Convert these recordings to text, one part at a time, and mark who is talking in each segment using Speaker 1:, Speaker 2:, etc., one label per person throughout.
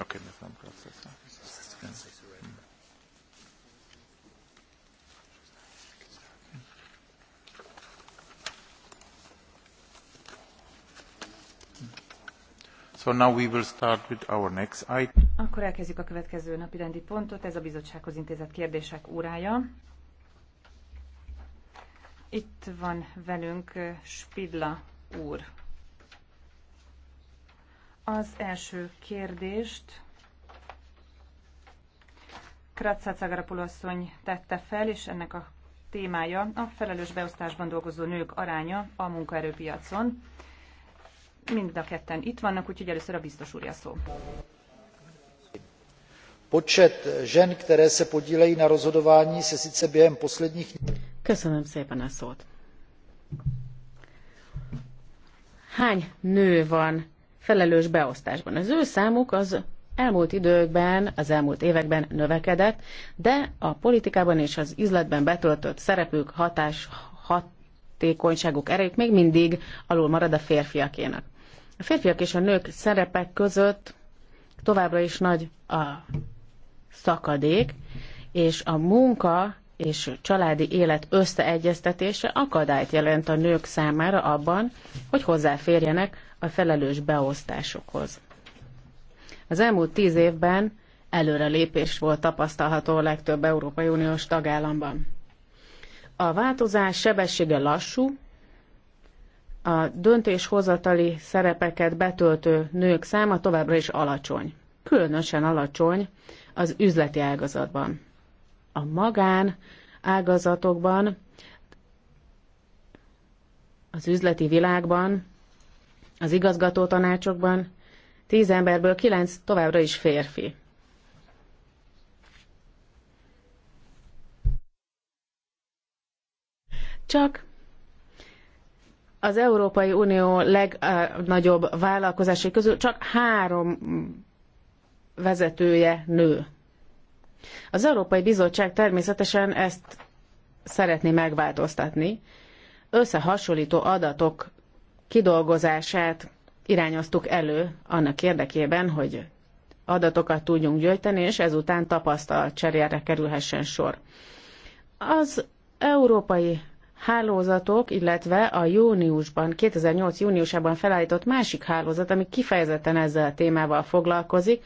Speaker 1: Okay, no problem processor. So now we will start with our next item.
Speaker 2: Akkor elkezdjük a következő napi rendi pontot, ez a bizottsághoz intézett kérdések órája. Itt van velünk eh, Spidla úr. Az első kérdést Kratza Cagarapul asszony tette fel, és ennek a témája a felelős beosztásban dolgozó nők aránya a munkaerőpiacon. Mind a ketten itt vannak, úgyhogy először a biztos úrja szó.
Speaker 1: Počet žen, které se podílejí na rozhodování, se sice během posledních...
Speaker 3: Köszönöm szépen a szót. Hány nő van felelős beosztásban. Az ő számuk az elmúlt időkben, az elmúlt években növekedett, de a politikában és az üzletben betöltött szerepük, hatás, hatékonyságuk, erejük még mindig alul marad a férfiakének. A férfiak és a nők szerepek között továbbra is nagy a szakadék, és a munka és családi élet összeegyeztetése akadályt jelent a nők számára abban, hogy hozzáférjenek a felelős beosztásokhoz. Az elmúlt tíz évben előrelépés volt tapasztalható a legtöbb Európai Uniós tagállamban. A változás sebessége lassú, a döntéshozatali szerepeket betöltő nők száma továbbra is alacsony. Különösen alacsony az üzleti ágazatban. A magán ágazatokban, az üzleti világban az igazgató tanácsokban, tíz emberből kilenc továbbra is férfi. Csak az Európai Unió legnagyobb vállalkozásai közül csak három vezetője nő. Az Európai Bizottság természetesen ezt szeretné megváltoztatni. Összehasonlító adatok kidolgozását irányoztuk elő annak érdekében, hogy adatokat tudjunk gyűjteni, és ezután tapasztalt cserére kerülhessen sor. Az európai hálózatok, illetve a júniusban, 2008 júniusában felállított másik hálózat, ami kifejezetten ezzel a témával foglalkozik,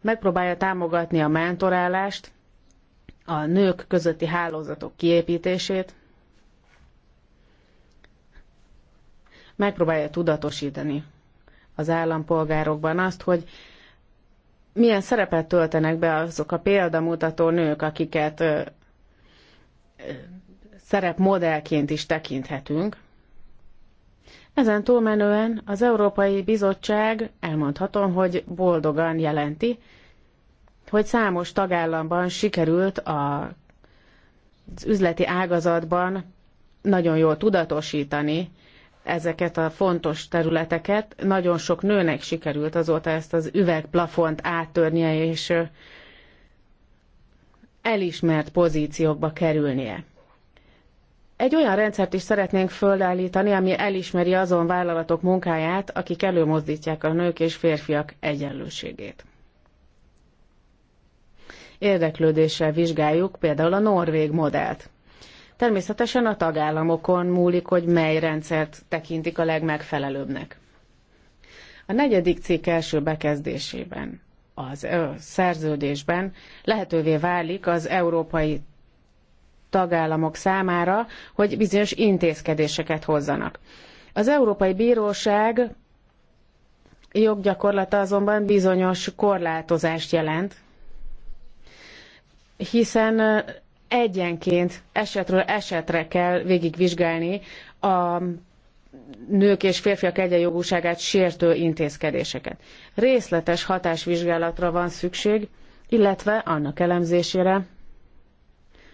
Speaker 3: megpróbálja támogatni a mentorálást, a nők közötti hálózatok kiépítését, megpróbálja tudatosítani az állampolgárokban azt, hogy milyen szerepet töltenek be azok a példamutató nők, akiket szerepmodellként is tekinthetünk. Ezen túlmenően az Európai Bizottság elmondhatom, hogy boldogan jelenti, hogy számos tagállamban sikerült a, az üzleti ágazatban nagyon jól tudatosítani ezeket a fontos területeket. Nagyon sok nőnek sikerült azóta ezt az üvegplafont áttörnie, és elismert pozíciókba kerülnie. Egy olyan rendszert is szeretnénk fölállítani, ami elismeri azon vállalatok munkáját, akik előmozdítják a nők és férfiak egyenlőségét. Érdeklődéssel vizsgáljuk például a norvég modellt. Természetesen a tagállamokon múlik, hogy mely rendszert tekintik a legmegfelelőbbnek. A negyedik cikk első bekezdésében az ö, szerződésben lehetővé válik az európai tagállamok számára, hogy bizonyos intézkedéseket hozzanak. Az Európai Bíróság joggyakorlata azonban bizonyos korlátozást jelent, hiszen egyenként esetről esetre kell végigvizsgálni a nők és férfiak egyenjogúságát sértő intézkedéseket. Részletes hatásvizsgálatra van szükség, illetve annak elemzésére,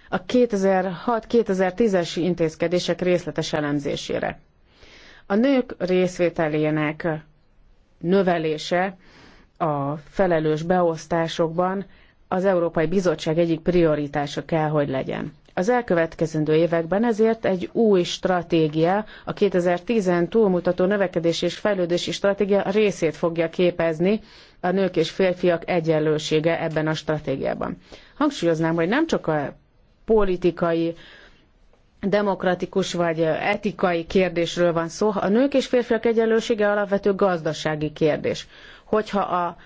Speaker 3: a 2006-2010-es intézkedések részletes elemzésére. A nők részvételének növelése a felelős beosztásokban az Európai Bizottság egyik prioritása kell, hogy legyen. Az elkövetkezendő években ezért egy új stratégia, a 2010-en túlmutató növekedési és fejlődési stratégia részét fogja képezni a nők és férfiak egyenlősége ebben a stratégiában. Hangsúlyoznám, hogy nem csak a politikai, demokratikus vagy etikai kérdésről van szó, a nők és férfiak egyenlősége alapvető gazdasági kérdés. Hogyha a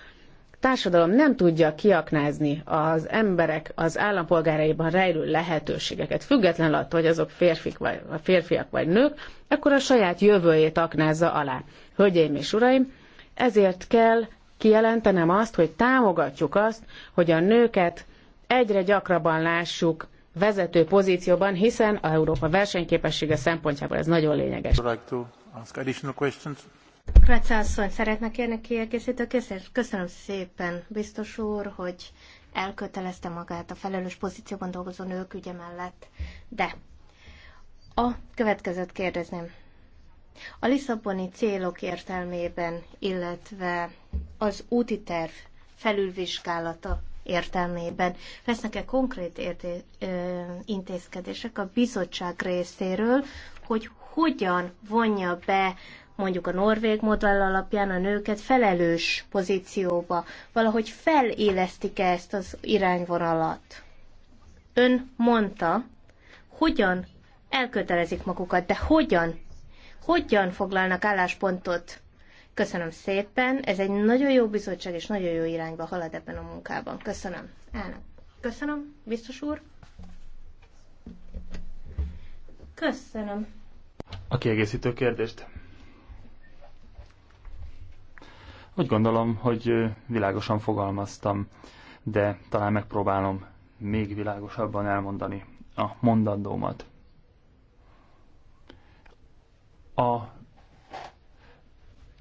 Speaker 3: társadalom nem tudja kiaknázni az emberek, az állampolgáraiban rejlő lehetőségeket, függetlenül attól, hogy azok férfik vagy, férfiak vagy nők, akkor a saját jövőjét aknázza alá. Hölgyeim és uraim, ezért kell kijelentenem azt, hogy támogatjuk azt, hogy a nőket egyre gyakrabban lássuk vezető pozícióban, hiszen a Európa versenyképessége szempontjából ez nagyon lényeges
Speaker 4: kérni kiegészítő Köszönöm szépen, biztos úr, hogy elkötelezte magát a felelős pozícióban dolgozó nők ügye mellett. De a következőt kérdezném. A Lisszaboni célok értelmében, illetve az úti terv felülvizsgálata értelmében lesznek-e konkrét érté- ö, intézkedések a bizottság részéről, hogy hogyan vonja be mondjuk a norvég modell alapján a nőket felelős pozícióba, valahogy felélesztik -e ezt az irányvonalat. Ön mondta, hogyan elkötelezik magukat, de hogyan? Hogyan foglalnak álláspontot? Köszönöm szépen, ez egy nagyon jó bizottság, és nagyon jó irányba halad ebben a munkában. Köszönöm. Elnök. Köszönöm, biztos úr. Köszönöm.
Speaker 1: A kiegészítő kérdést. Úgy gondolom, hogy világosan fogalmaztam, de talán megpróbálom még világosabban elmondani a mondandómat. A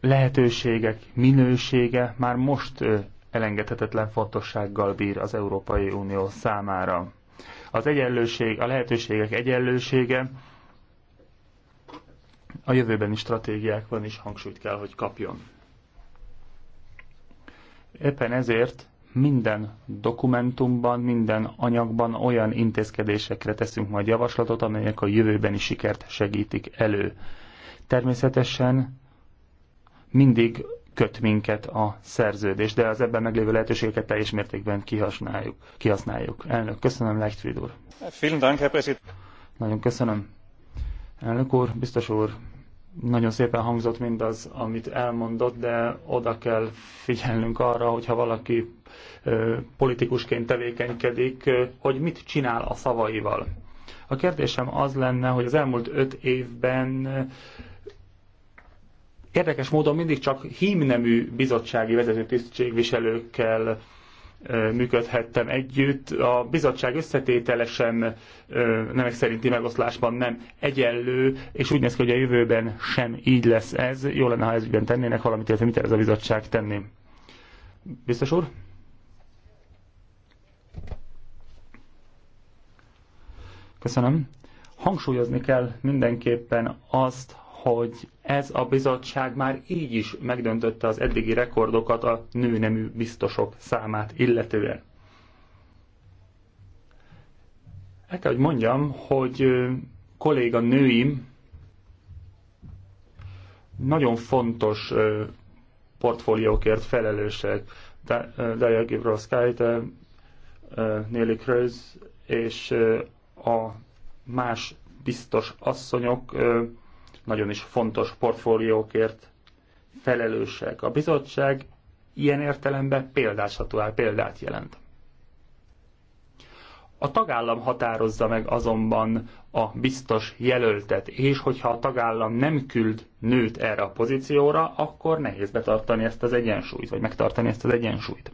Speaker 1: lehetőségek minősége már most elengedhetetlen fontossággal bír az Európai Unió számára. Az egyenlőség, a lehetőségek egyenlősége a jövőbeni stratégiákban is hangsúlyt kell, hogy kapjon. Éppen ezért minden dokumentumban, minden anyagban olyan intézkedésekre teszünk majd javaslatot, amelyek a jövőbeni sikert segítik elő. Természetesen mindig köt minket a szerződés, de az ebben meglévő lehetőségeket teljes mértékben kihasználjuk. kihasználjuk. Elnök, köszönöm, Leichtfried úr. Vielen Dank, Herr Nagyon köszönöm. Elnök úr, biztos úr, nagyon szépen hangzott mindaz, amit elmondott, de oda kell figyelnünk arra, hogyha valaki politikusként tevékenykedik, hogy mit csinál a szavaival. A kérdésem az lenne, hogy az elmúlt öt évben érdekes módon mindig csak hímnemű bizottsági vezetőtisztségviselőkkel működhettem együtt. A bizottság összetételesen nemek szerinti megoszlásban nem egyenlő, és úgy néz ki, hogy a jövőben sem így lesz ez. Jó lenne, ha ez ügyben tennének valamit, illetve mit ez a bizottság tenni. Biztos úr? Köszönöm. Hangsúlyozni kell mindenképpen azt, hogy ez a bizottság már így is megdöntötte az eddigi rekordokat a nőnemű biztosok számát illetően. El kell, hogy mondjam, hogy kolléga nőim nagyon fontos portfóliókért felelősek. Daya Gibroszkájt, Nelly Kröz és a más biztos asszonyok nagyon is fontos portfóliókért felelősek. A bizottság ilyen értelemben példásható példát jelent. A tagállam határozza meg azonban a biztos jelöltet, és hogyha a tagállam nem küld nőt erre a pozícióra, akkor nehéz betartani ezt az egyensúlyt, vagy megtartani ezt az egyensúlyt.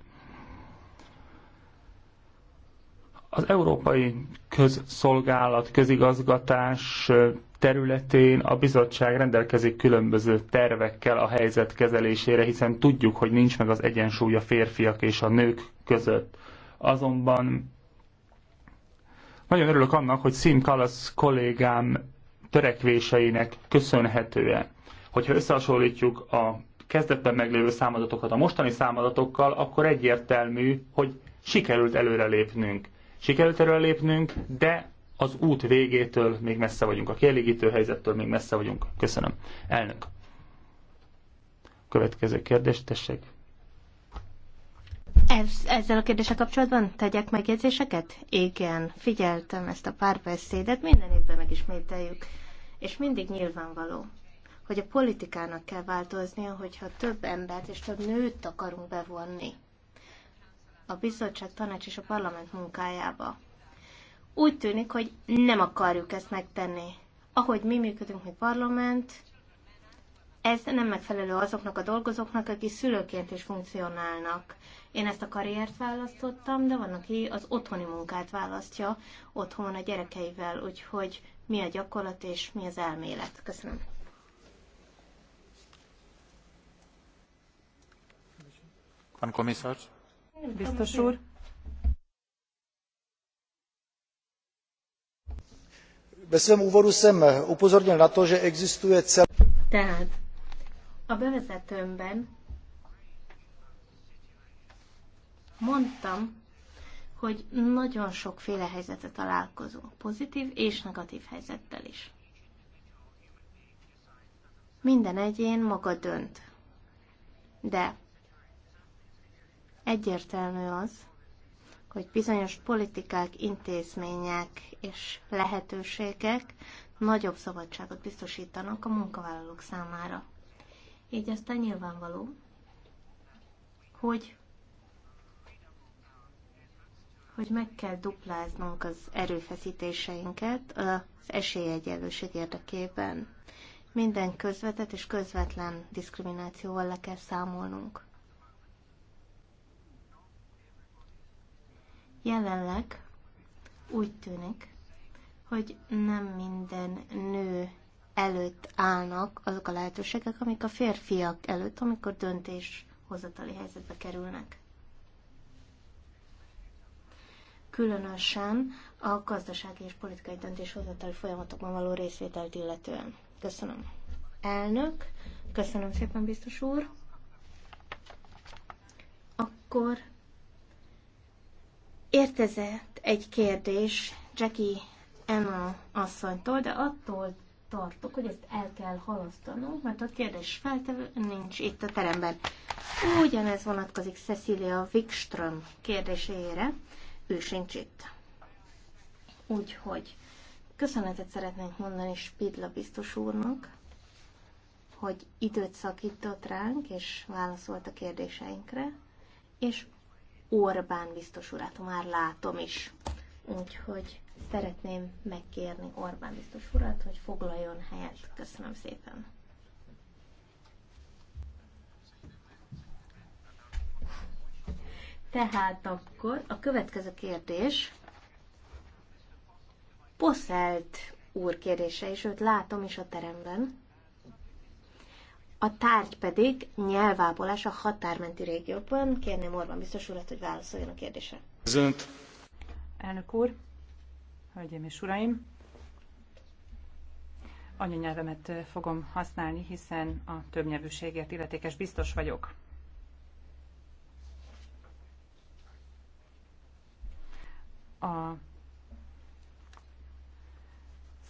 Speaker 1: Az európai közszolgálat, közigazgatás területén a bizottság rendelkezik különböző tervekkel a helyzet kezelésére, hiszen tudjuk, hogy nincs meg az egyensúly a férfiak és a nők között. Azonban nagyon örülök annak, hogy Sim Kalasz kollégám törekvéseinek köszönhetően, hogyha összehasonlítjuk a kezdetben meglévő számadatokat a mostani számadatokkal, akkor egyértelmű, hogy sikerült előrelépnünk. Sikerült előrelépnünk, de az út végétől még messze vagyunk, a kielégítő helyzettől még messze vagyunk. Köszönöm. Elnök. Következő kérdés, tessék.
Speaker 4: Ez, ezzel a kérdéssel kapcsolatban tegyek megjegyzéseket? Igen, figyeltem ezt a párbeszédet, minden évben megismételjük, és mindig nyilvánvaló, hogy a politikának kell változnia, hogyha több embert és több nőt akarunk bevonni a bizottság, tanács és a parlament munkájába. Úgy tűnik, hogy nem akarjuk ezt megtenni. Ahogy mi működünk, mint parlament, ez nem megfelelő azoknak a dolgozóknak, akik szülőként is funkcionálnak. Én ezt a karriert választottam, de van, aki az otthoni munkát választja otthon a gyerekeivel, úgyhogy mi a gyakorlat és mi az elmélet. Köszönöm.
Speaker 1: Van komisarz?
Speaker 4: Biztos úr.
Speaker 1: ve svém úvodu jsem upozornil na to, že existuje celá...
Speaker 4: Tehát a bevezetőmben mondtam, hogy nagyon sokféle helyzetet találkozunk, pozitív és negatív helyzettel is. Minden egyén maga dönt. De egyértelmű az, hogy bizonyos politikák, intézmények és lehetőségek nagyobb szabadságot biztosítanak a munkavállalók számára. Így aztán nyilvánvaló, hogy, hogy meg kell dupláznunk az erőfeszítéseinket az esélyegyenlőség érdekében. Minden közvetett és közvetlen diszkriminációval le kell számolnunk. Jelenleg úgy tűnik, hogy nem minden nő előtt állnak azok a lehetőségek, amik a férfiak előtt, amikor döntéshozatali helyzetbe kerülnek. Különösen a gazdasági és politikai döntéshozatali folyamatokban való részvételt illetően. Köszönöm. Elnök, köszönöm szépen, biztos úr. Akkor Értezett egy kérdés Jackie Emma asszonytól, de attól tartok, hogy ezt el kell halasztanunk, mert a kérdés feltevő nincs itt a teremben. Ugyanez vonatkozik Cecilia Wikström kérdésére, ő sincs itt. Úgyhogy köszönetet szeretnénk mondani Spidla biztos úrnak, hogy időt szakított ránk, és válaszolt a kérdéseinkre, és Orbán biztos urat már látom is. Úgyhogy szeretném megkérni Orbán biztos urat, hogy foglaljon helyet. Köszönöm szépen. Tehát akkor a következő kérdés. Poszelt úr kérdése, és őt látom is a teremben a tárgy pedig nyelvápolás a határmenti régióban, Kérném Orbán biztos urat, hogy válaszoljon a kérdésre. Zönt. Elnök úr, hölgyeim és uraim,
Speaker 2: anyanyelvemet fogom használni, hiszen a többnyelvűségért illetékes biztos vagyok. A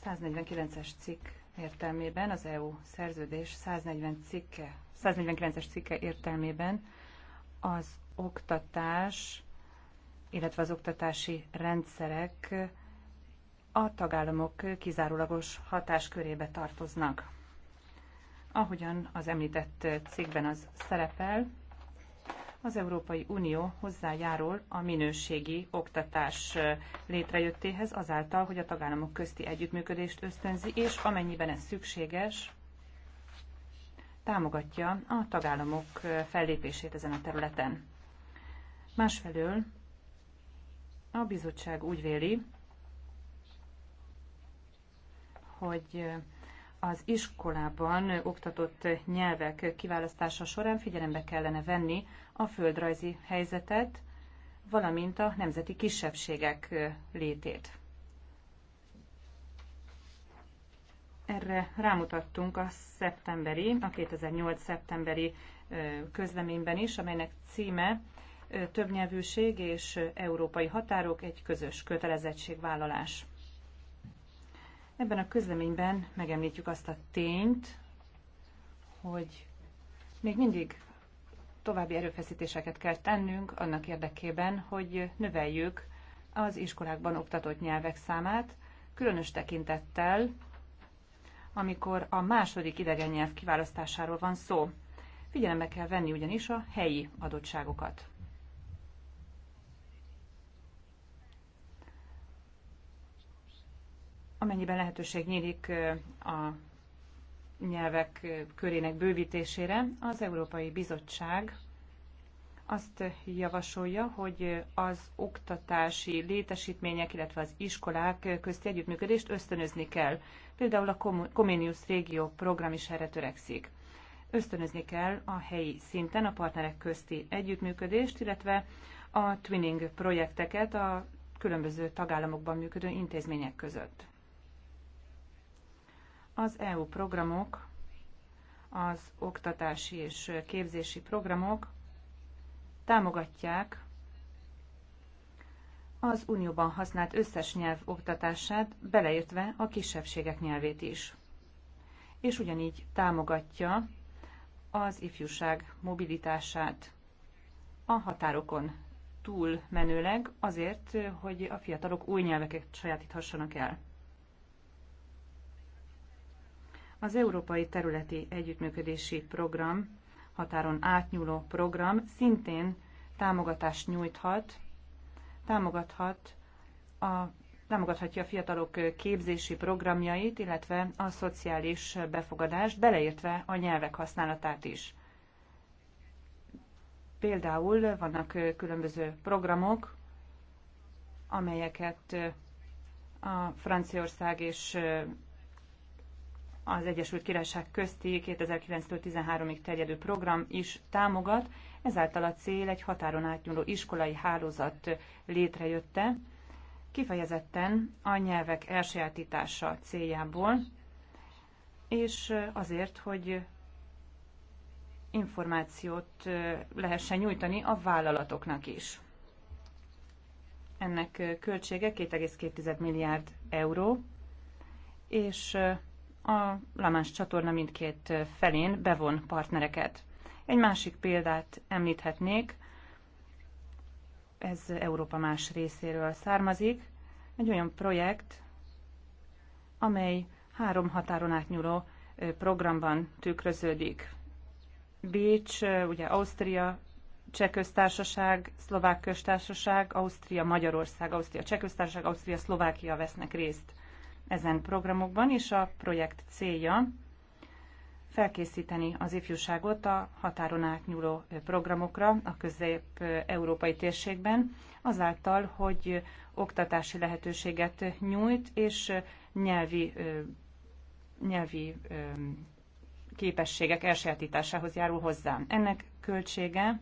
Speaker 2: 149-es cikk értelmében, az EU szerződés 140 cikke, 149-es cikke értelmében az oktatás, illetve az oktatási rendszerek a tagállamok kizárólagos hatáskörébe tartoznak. Ahogyan az említett cikkben az szerepel, az Európai Unió hozzájárul a minőségi oktatás létrejöttéhez azáltal, hogy a tagállamok közti együttműködést ösztönzi, és amennyiben ez szükséges, támogatja a tagállamok fellépését ezen a területen. Másfelől a bizottság úgy véli, hogy az iskolában oktatott nyelvek kiválasztása során figyelembe kellene venni a földrajzi helyzetet, valamint a nemzeti kisebbségek létét. Erre rámutattunk a szeptemberi, a 2008 szeptemberi közleményben is, amelynek címe Többnyelvűség és európai határok egy közös kötelezettségvállalás. Ebben a közleményben megemlítjük azt a tényt, hogy még mindig további erőfeszítéseket kell tennünk annak érdekében, hogy növeljük az iskolákban oktatott nyelvek számát, különös tekintettel, amikor a második idegen nyelv kiválasztásáról van szó. Figyelembe kell venni ugyanis a helyi adottságokat. Amennyiben lehetőség nyílik a nyelvek körének bővítésére, az Európai Bizottság azt javasolja, hogy az oktatási létesítmények, illetve az iskolák közti együttműködést ösztönözni kell. Például a Comenius Régió program is erre törekszik. Ösztönözni kell a helyi szinten a partnerek közti együttműködést, illetve a twinning projekteket a különböző tagállamokban működő intézmények között. Az EU programok, az oktatási és képzési programok támogatják az Unióban használt összes nyelv oktatását, beleértve a kisebbségek nyelvét is. És ugyanígy támogatja az ifjúság mobilitását a határokon túl menőleg azért, hogy a fiatalok új nyelveket sajátíthassanak el. Az Európai Területi Együttműködési Program, határon átnyúló program szintén támogatást nyújthat, támogathat a támogathatja a fiatalok képzési programjait, illetve a szociális befogadást, beleértve a nyelvek használatát is. Például vannak különböző programok, amelyeket a Franciaország és az Egyesült Királyság közti 2009 13-ig terjedő program is támogat, ezáltal a cél egy határon átnyúló iskolai hálózat létrejötte, kifejezetten a nyelvek elsajátítása céljából, és azért, hogy információt lehessen nyújtani a vállalatoknak is. Ennek költsége 2,2 milliárd euró, és a Lamás csatorna mindkét felén bevon partnereket. Egy másik példát említhetnék, ez Európa más részéről származik, egy olyan projekt, amely három határon átnyúló programban tükröződik. Bécs, ugye Ausztria, Cseh köztársaság, Szlovák köztársaság, Ausztria, Magyarország, Ausztria, Cseh köztársaság, Ausztria, Szlovákia vesznek részt ezen programokban, és a projekt célja felkészíteni az ifjúságot a határon átnyúló programokra a közép-európai térségben, azáltal, hogy oktatási lehetőséget nyújt, és nyelvi, nyelvi képességek elsajátításához járul hozzá. Ennek költsége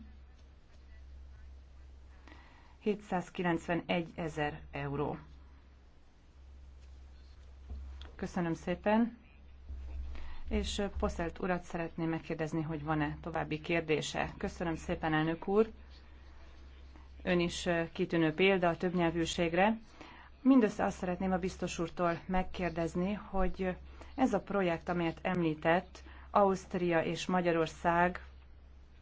Speaker 2: 791 ezer euró. Köszönöm szépen. És Poszelt urat szeretném megkérdezni, hogy van-e további kérdése. Köszönöm szépen, elnök úr. Ön is kitűnő példa a többnyelvűségre. Mindössze azt szeretném a biztos úrtól megkérdezni, hogy ez a projekt, amelyet említett, Ausztria és Magyarország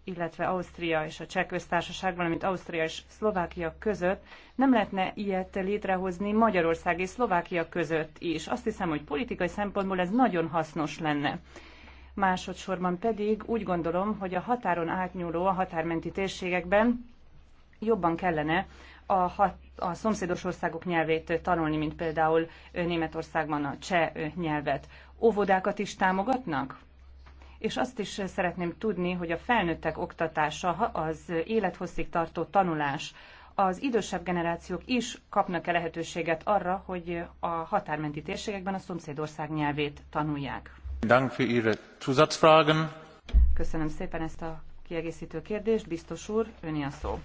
Speaker 2: illetve Ausztria és a Cseh köztársaság, valamint Ausztria és Szlovákia között, nem lehetne ilyet létrehozni Magyarország és Szlovákia között is. Azt hiszem, hogy politikai szempontból ez nagyon hasznos lenne. Másodszorban pedig úgy gondolom, hogy a határon átnyúló, a határmenti térségekben jobban kellene a, hat, a szomszédos országok nyelvét tanulni, mint például Németországban a cseh nyelvet. Óvodákat is támogatnak? és azt is szeretném tudni, hogy a felnőttek oktatása, az élethosszig tartó tanulás, az idősebb generációk is kapnak-e lehetőséget arra, hogy a határmenti térségekben a szomszédország nyelvét tanulják? Köszönöm szépen ezt a kiegészítő kérdést. Biztos úr, öné a szó.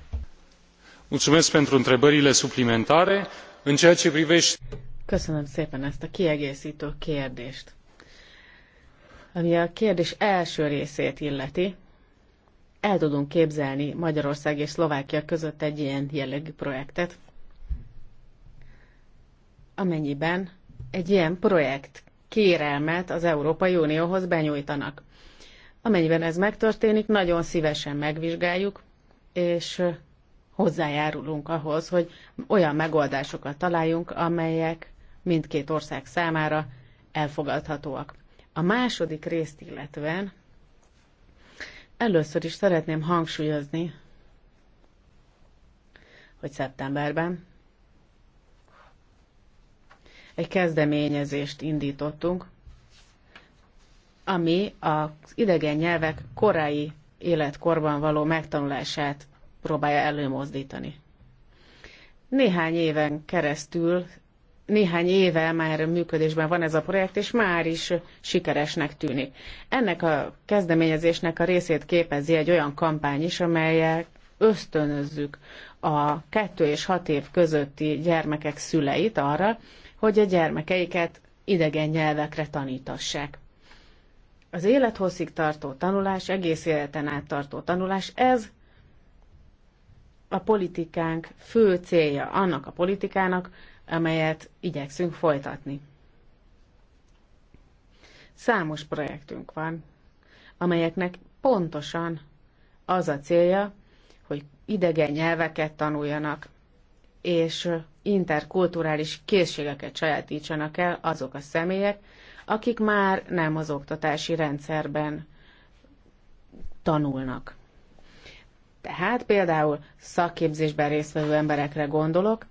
Speaker 1: Mulțumesc pentru întrebările suplimentare. În ceea ce privește...
Speaker 3: Köszönöm szépen ezt a kiegészítő kérdést. Ami a kérdés első részét illeti, el tudunk képzelni Magyarország és Szlovákia között egy ilyen jellegű projektet, amennyiben egy ilyen projekt kérelmet az Európai Unióhoz benyújtanak. Amennyiben ez megtörténik, nagyon szívesen megvizsgáljuk, és hozzájárulunk ahhoz, hogy olyan megoldásokat találjunk, amelyek mindkét ország számára elfogadhatóak. A második részt illetve először is szeretném hangsúlyozni, hogy szeptemberben egy kezdeményezést indítottunk, ami az idegen nyelvek korai életkorban való megtanulását próbálja előmozdítani. Néhány éven keresztül néhány éve már működésben van ez a projekt, és már is sikeresnek tűnik. Ennek a kezdeményezésnek a részét képezi egy olyan kampány is, amelyek ösztönözzük a 2 és 6 év közötti gyermekek szüleit arra, hogy a gyermekeiket idegen nyelvekre tanítassák. Az élethosszig tartó tanulás, egész életen át tartó tanulás, ez a politikánk fő célja annak a politikának, amelyet igyekszünk folytatni. Számos projektünk van, amelyeknek pontosan az a célja, hogy idegen nyelveket tanuljanak, és interkulturális készségeket sajátítsanak el azok a személyek, akik már nem az oktatási rendszerben tanulnak. Tehát például szakképzésben résztvevő emberekre gondolok,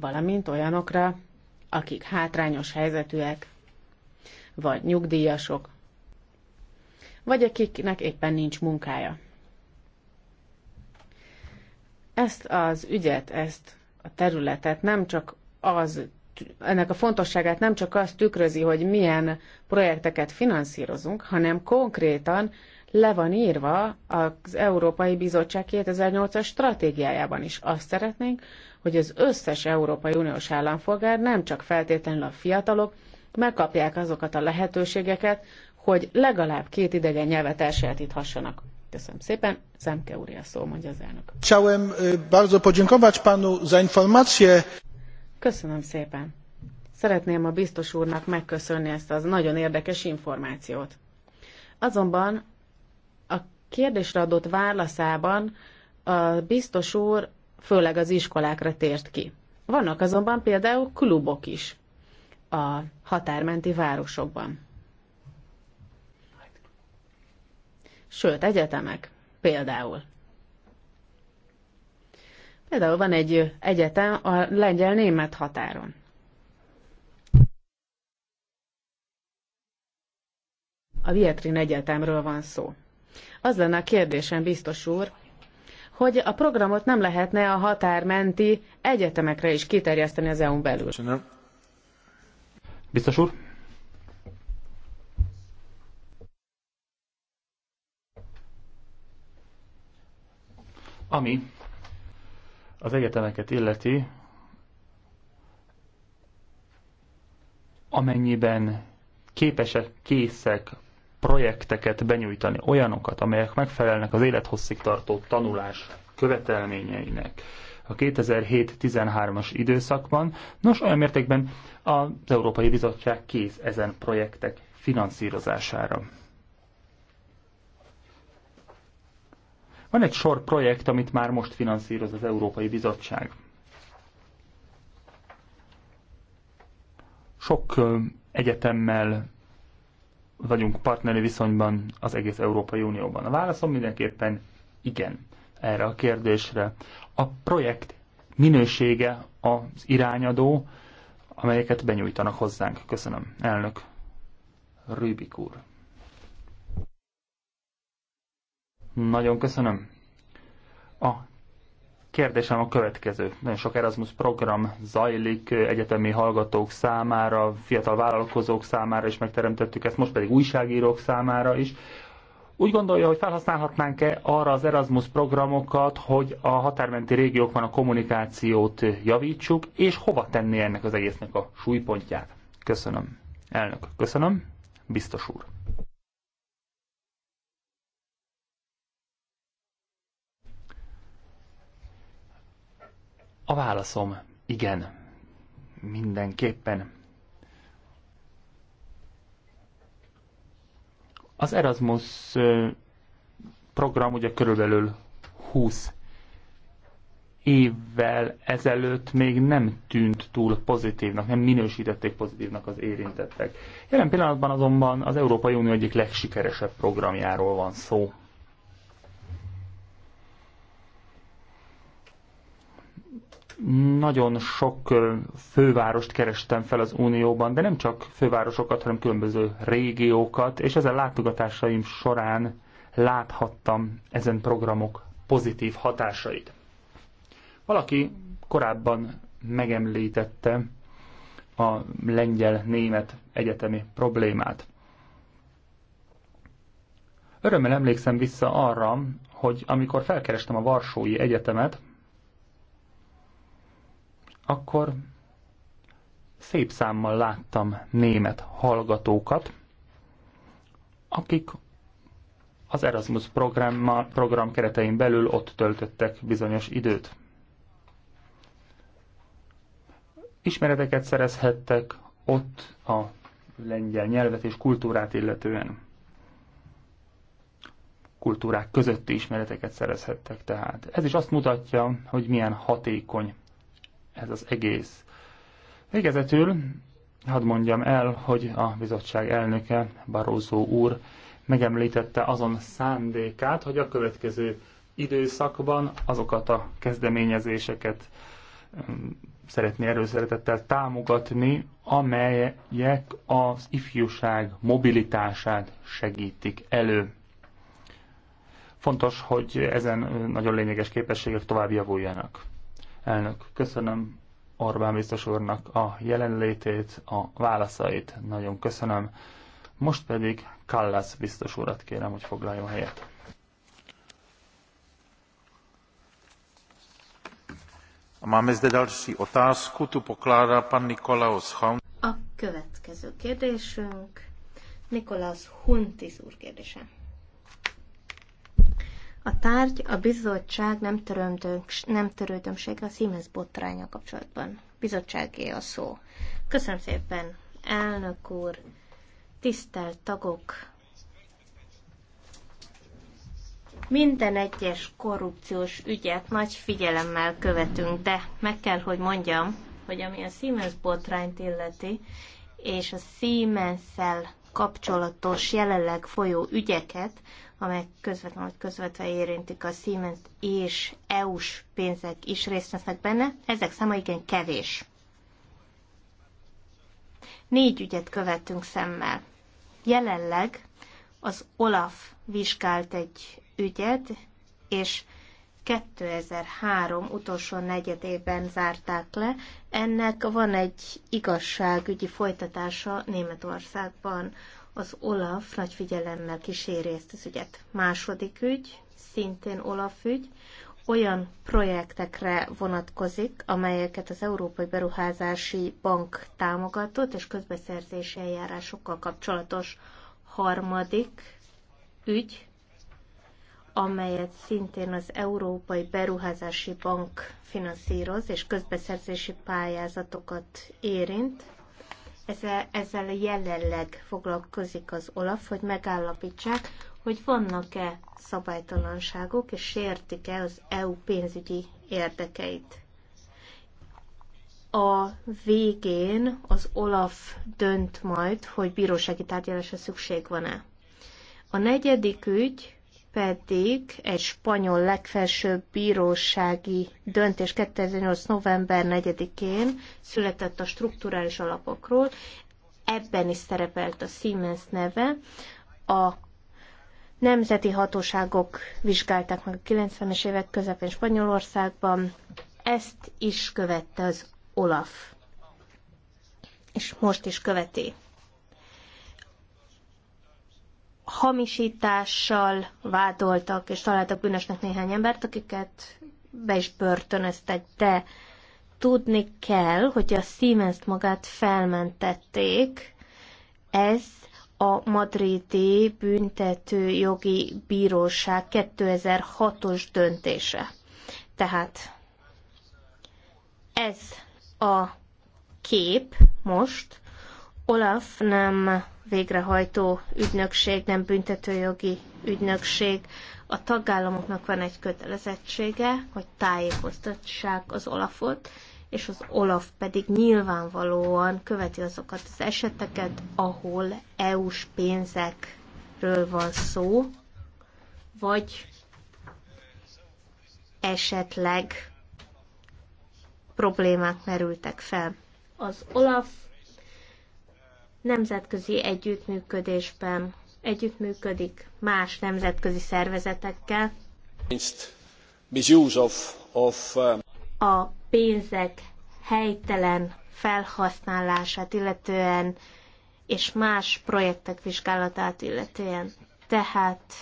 Speaker 3: valamint olyanokra, akik hátrányos helyzetűek, vagy nyugdíjasok, vagy akiknek éppen nincs munkája. Ezt az ügyet, ezt a területet nem csak az, ennek a fontosságát nem csak az tükrözi, hogy milyen projekteket finanszírozunk, hanem konkrétan le van írva az Európai Bizottság 2008-as stratégiájában is. Azt szeretnénk, hogy az összes Európai Uniós állampolgár, nem csak feltétlenül a fiatalok, megkapják azokat a lehetőségeket, hogy legalább két idegen nyelvet elsajátíthassanak. Köszönöm szépen, Zemke úr a szó, mondja az elnök.
Speaker 2: Chciałem e, bardzo podziękować panu za
Speaker 1: informację.
Speaker 3: Köszönöm szépen. Szeretném a biztos úrnak megköszönni ezt az nagyon érdekes információt. Azonban a kérdésre adott válaszában a biztos úr főleg az iskolákra tért ki. Vannak azonban például klubok is a határmenti városokban. Sőt, egyetemek például. Például van egy egyetem a lengyel-német határon. A Vietrin Egyetemről van szó. Az lenne a kérdésem, biztos úr, hogy a programot nem lehetne a határmenti egyetemekre is kiterjeszteni az EU-n belül. Köszönöm.
Speaker 1: Biztos úr? Ami az egyetemeket illeti, amennyiben képesek, készek projekteket benyújtani, olyanokat, amelyek megfelelnek az élethosszig tartó tanulás követelményeinek a 2007-13-as időszakban. Nos, olyan mértékben az Európai Bizottság kész ezen projektek finanszírozására. Van egy sor projekt, amit már most finanszíroz az Európai Bizottság. Sok egyetemmel vagyunk partneri viszonyban az egész Európai Unióban? A válaszom mindenképpen igen erre a kérdésre. A projekt minősége az irányadó, amelyeket benyújtanak hozzánk. Köszönöm, elnök Rübik úr. Nagyon köszönöm. A kérdésem a következő. Nagyon sok Erasmus program zajlik egyetemi hallgatók számára, fiatal vállalkozók számára is megteremtettük ezt, most pedig újságírók számára is. Úgy gondolja, hogy felhasználhatnánk-e arra az Erasmus programokat, hogy a határmenti régiókban a kommunikációt javítsuk, és hova tenni ennek az egésznek a súlypontját? Köszönöm. Elnök, köszönöm. Biztos úr. A válaszom igen. Mindenképpen. Az Erasmus program ugye körülbelül 20 évvel ezelőtt még nem tűnt túl pozitívnak, nem minősítették pozitívnak az érintettek. Jelen pillanatban azonban az Európai Unió egyik legsikeresebb programjáról van szó. nagyon sok fővárost kerestem fel az Unióban, de nem csak fővárosokat, hanem különböző régiókat, és ezen látogatásaim során láthattam ezen programok pozitív hatásait. Valaki korábban megemlítette a lengyel-német egyetemi problémát. Örömmel emlékszem vissza arra, hogy amikor felkerestem a Varsói Egyetemet, akkor szép számmal láttam német hallgatókat, akik az Erasmus program, keretein belül ott töltöttek bizonyos időt. Ismereteket szerezhettek ott a lengyel nyelvet és kultúrát illetően. Kultúrák közötti ismereteket szerezhettek tehát. Ez is azt mutatja, hogy milyen hatékony ez az egész. Végezetül hadd mondjam el, hogy a bizottság elnöke, Barózó úr, megemlítette azon szándékát, hogy a következő időszakban azokat a kezdeményezéseket um, szeretné erőszeretettel támogatni, amelyek az ifjúság mobilitását segítik elő. Fontos, hogy ezen uh, nagyon lényeges képességek tovább javuljanak. Elnök, köszönöm Orbán biztos úrnak a jelenlétét, a válaszait. Nagyon köszönöm. Most pedig Kallász biztos urat kérem, hogy foglaljon helyet. A máme zde další otázku, tu pokládá pan Nikolaus Hunt.
Speaker 4: A következő kérdésünk Nikolaus Huntis úr kérdése. A tárgy a bizottság nem, nem törődömsége a Siemens botránya kapcsolatban. Bizottságé a szó. Köszönöm szépen, elnök úr, tisztelt tagok, minden egyes korrupciós ügyet nagy figyelemmel követünk, de meg kell, hogy mondjam, hogy ami a Siemens botrányt illeti, és a siemens kapcsolatos jelenleg folyó ügyeket, amelyek közvetlenül vagy közvetve érintik a Siemens és EU-s pénzek is részt vesznek benne, ezek száma igen kevés. Négy ügyet követünk szemmel. Jelenleg az Olaf vizsgált egy ügyet, és 2003 utolsó negyedében zárták le. Ennek van egy igazságügyi folytatása Németországban. Az Olaf nagy figyelemmel kíséri ezt az ügyet. Második ügy, szintén Olaf ügy, olyan projektekre vonatkozik, amelyeket az Európai Beruházási Bank támogatott, és közbeszerzési eljárásokkal kapcsolatos harmadik ügy, amelyet szintén az Európai Beruházási Bank finanszíroz, és közbeszerzési pályázatokat érint ezzel, ezzel jelenleg foglalkozik az OLAF, hogy megállapítsák, hogy vannak-e szabálytalanságok, és sértik-e az EU pénzügyi érdekeit. A végén az OLAF dönt majd, hogy bírósági tárgyalásra szükség van-e. A negyedik ügy pedig egy spanyol legfelsőbb bírósági döntés 2008. november 4-én született a strukturális alapokról. Ebben is szerepelt a Siemens neve. A nemzeti hatóságok vizsgálták meg a 90-es évek közepén Spanyolországban. Ezt is követte az Olaf. És most is követi hamisítással vádoltak, és találtak bűnösnek néhány embert, akiket be is börtönöztek, de tudni kell, hogy a Siemens-t magát felmentették. Ez a madridi büntető jogi bíróság 2006-os döntése. Tehát ez a kép most. Olaf nem végrehajtó ügynökség, nem büntetőjogi ügynökség. A tagállamoknak van egy kötelezettsége, hogy tájékoztassák az Olafot, és az Olaf pedig nyilvánvalóan követi azokat az eseteket, ahol EU-s pénzekről van szó, vagy esetleg problémák merültek fel. Az Olaf nemzetközi együttműködésben együttműködik más nemzetközi szervezetekkel.
Speaker 2: Um,
Speaker 4: a pénzek helytelen felhasználását illetően és más projektek vizsgálatát illetően. Tehát,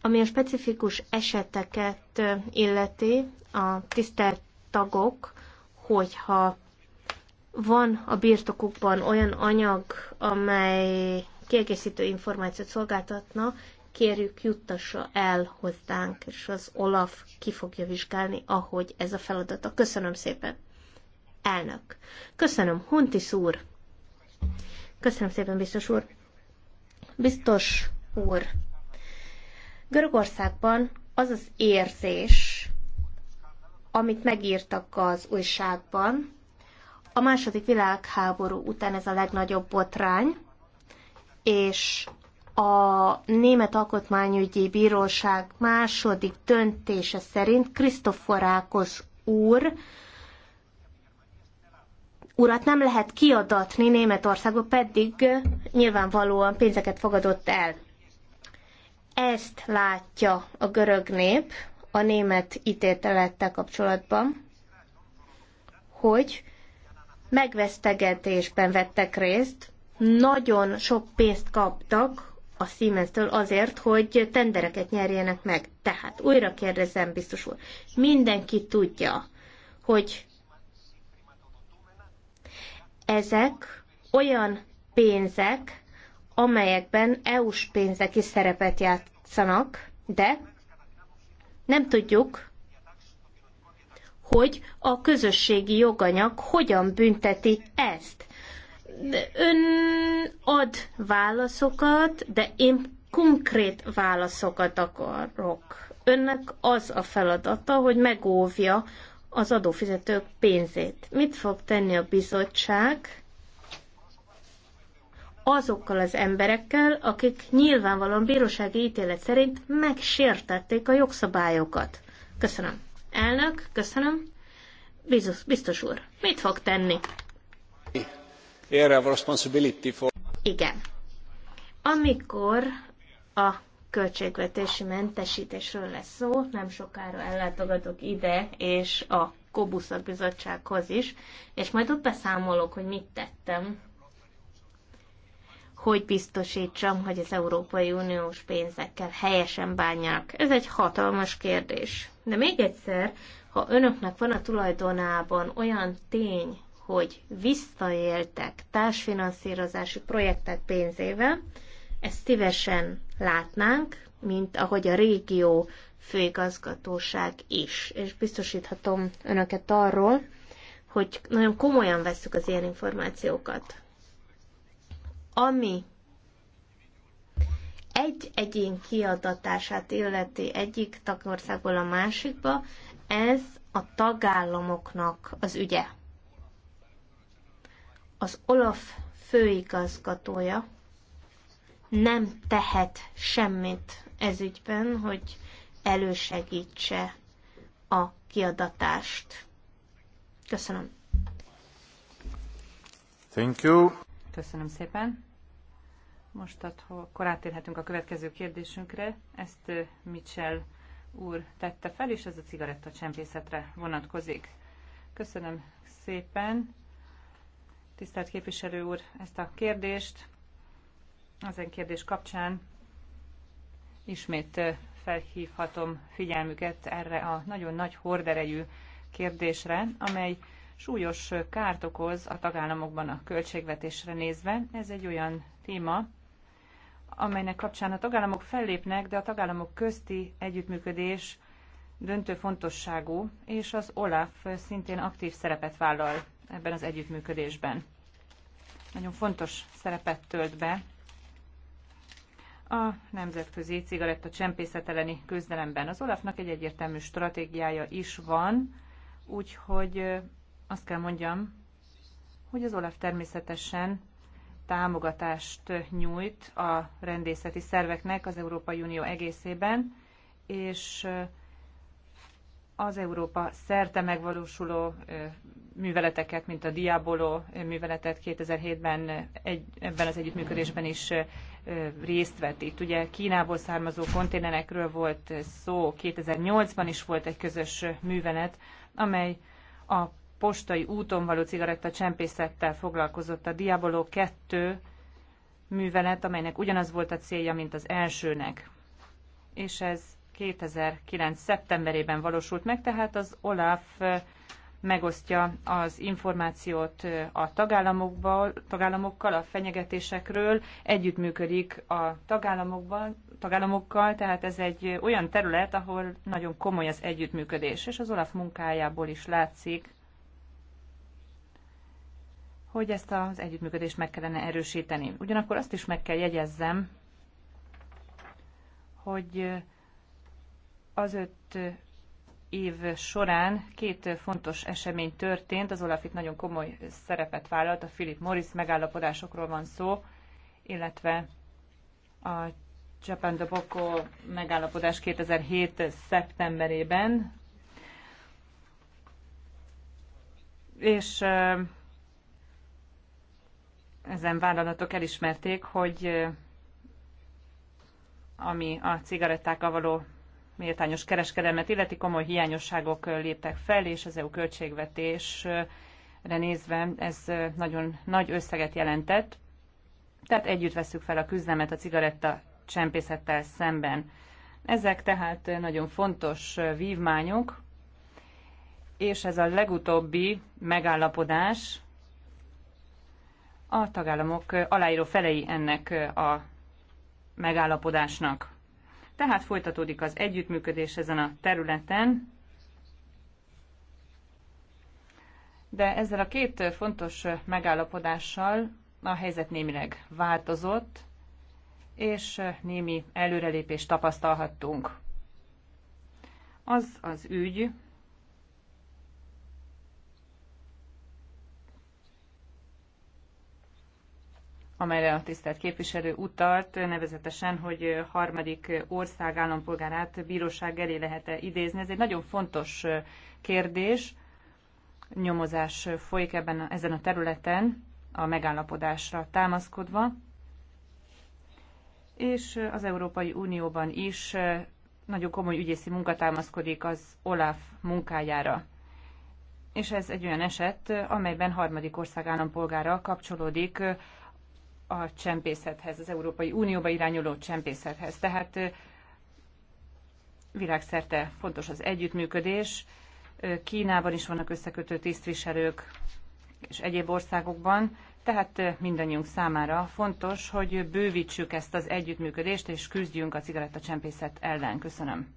Speaker 4: ami a specifikus eseteket illeti, a tisztelt tagok, hogyha van a birtokukban olyan anyag, amely kiegészítő információt szolgáltatna, kérjük juttassa el hozzánk, és az Olaf ki fogja vizsgálni, ahogy ez a feladata. Köszönöm szépen. Elnök. Köszönöm, Huntis úr. Köszönöm szépen, biztos úr. Biztos úr. Görögországban az az érzés, amit megírtak az újságban, a második világháború után ez a legnagyobb botrány, és a Német Alkotmányügyi Bíróság második döntése szerint Ákos úr urat nem lehet kiadatni Németországba, pedig nyilvánvalóan pénzeket fogadott el. Ezt látja a görög nép a német ítéltelettel kapcsolatban, hogy megvesztegetésben vettek részt, nagyon sok pénzt kaptak a Siemens-től azért, hogy tendereket nyerjenek meg. Tehát újra kérdezem biztos úr, mindenki tudja, hogy ezek olyan pénzek, amelyekben EU-s pénzek is szerepet játszanak, de nem tudjuk, hogy a közösségi
Speaker 1: joganyag
Speaker 4: hogyan bünteti ezt. Ön ad válaszokat, de én konkrét válaszokat akarok. Önnek az a feladata, hogy megóvja az adófizetők pénzét. Mit fog tenni a bizottság azokkal az emberekkel, akik nyilvánvalóan bírósági ítélet szerint megsértették a jogszabályokat? Köszönöm. Elnök, köszönöm. Biztos, biztos úr, mit fog tenni? Igen. Amikor a költségvetési mentesítésről lesz szó, nem sokára ellátogatok ide, és a Kobuszak Bizottsághoz is, és majd ott beszámolok, hogy mit tettem, hogy biztosítsam, hogy az Európai Uniós pénzekkel helyesen bánják. Ez egy hatalmas kérdés. De még egyszer, ha önöknek van a tulajdonában olyan tény, hogy visszaéltek társfinanszírozási projektek pénzével, ezt szívesen látnánk, mint ahogy a régió főigazgatóság is. És biztosíthatom önöket arról, hogy nagyon komolyan vesszük az ilyen információkat. Ami egy egyén kiadatását illeti egyik tagországból a másikba, ez a tagállamoknak az ügye. Az Olaf főigazgatója nem tehet semmit ezügyben, hogy elősegítse a kiadatást. Köszönöm. Thank you. Köszönöm szépen.
Speaker 2: Most akkor átérhetünk a következő kérdésünkre. Ezt Mitchell úr tette fel, és ez a csempészetre vonatkozik. Köszönöm szépen, tisztelt képviselő úr, ezt a kérdést. Ezen kérdés kapcsán ismét felhívhatom figyelmüket erre a nagyon nagy horderejű kérdésre, amely súlyos kárt okoz a tagállamokban a költségvetésre nézve. Ez egy olyan téma, amelynek kapcsán a tagállamok fellépnek, de a tagállamok közti együttműködés döntő fontosságú, és az OLAF szintén aktív szerepet vállal ebben az együttműködésben. Nagyon fontos szerepet tölt be a nemzetközi cigaretta csempészet elleni küzdelemben. Az Olafnak egy egyértelmű stratégiája is van, úgyhogy azt kell mondjam, hogy az Olaf természetesen támogatást nyújt a rendészeti szerveknek az Európai Unió egészében, és az Európa szerte megvalósuló műveleteket, mint a Diabolo műveletet 2007-ben egy, ebben az együttműködésben is részt vett. Itt ugye Kínából származó konténerekről volt szó, 2008-ban is volt egy közös művelet, amely a postai úton való cigaretta csempészettel foglalkozott a Diabolo 2 művelet, amelynek ugyanaz volt a célja, mint az elsőnek. És ez 2009. szeptemberében valósult meg, tehát az OLAF megosztja az információt a tagállamokkal, a fenyegetésekről, együttműködik a tagállamokban, tagállamokkal, tehát ez egy olyan terület, ahol nagyon komoly az együttműködés, és az OLAF munkájából is látszik, hogy ezt az együttműködést meg kellene erősíteni. Ugyanakkor azt is meg kell jegyezzem, hogy az öt év során két fontos esemény történt. Az Olaf itt nagyon komoly szerepet vállalt, a Philip Morris megállapodásokról van szó, illetve a Japan Boko megállapodás 2007. szeptemberében. És ezen vállalatok elismerték, hogy ami a cigarettákkal való méltányos kereskedelmet illeti, komoly hiányosságok léptek fel, és az EU költségvetésre nézve ez nagyon nagy összeget jelentett. Tehát együtt veszük fel a küzdelmet a cigaretta csempészettel szemben. Ezek tehát nagyon fontos vívmányok, és ez a legutóbbi megállapodás a tagállamok aláíró felei ennek a megállapodásnak. Tehát folytatódik az együttműködés ezen a területen, de ezzel a két fontos megállapodással a helyzet némileg változott, és némi előrelépést tapasztalhattunk. Az az ügy, amelyre a tisztelt képviselő utalt, nevezetesen, hogy harmadik ország állampolgárát bíróság elé lehet-e idézni. Ez egy nagyon fontos kérdés. Nyomozás folyik ebben, ezen a területen a megállapodásra támaszkodva, és az Európai Unióban is nagyon komoly ügyészi munka támaszkodik az OLAF munkájára. És ez egy olyan eset, amelyben harmadik ország állampolgára kapcsolódik a csempészethez, az Európai Unióba irányuló csempészethez. Tehát világszerte fontos az együttműködés. Kínában is vannak összekötő tisztviselők, és egyéb országokban, tehát mindannyiunk számára fontos, hogy bővítsük ezt az együttműködést, és küzdjünk a cigarettacsempészet ellen. Köszönöm.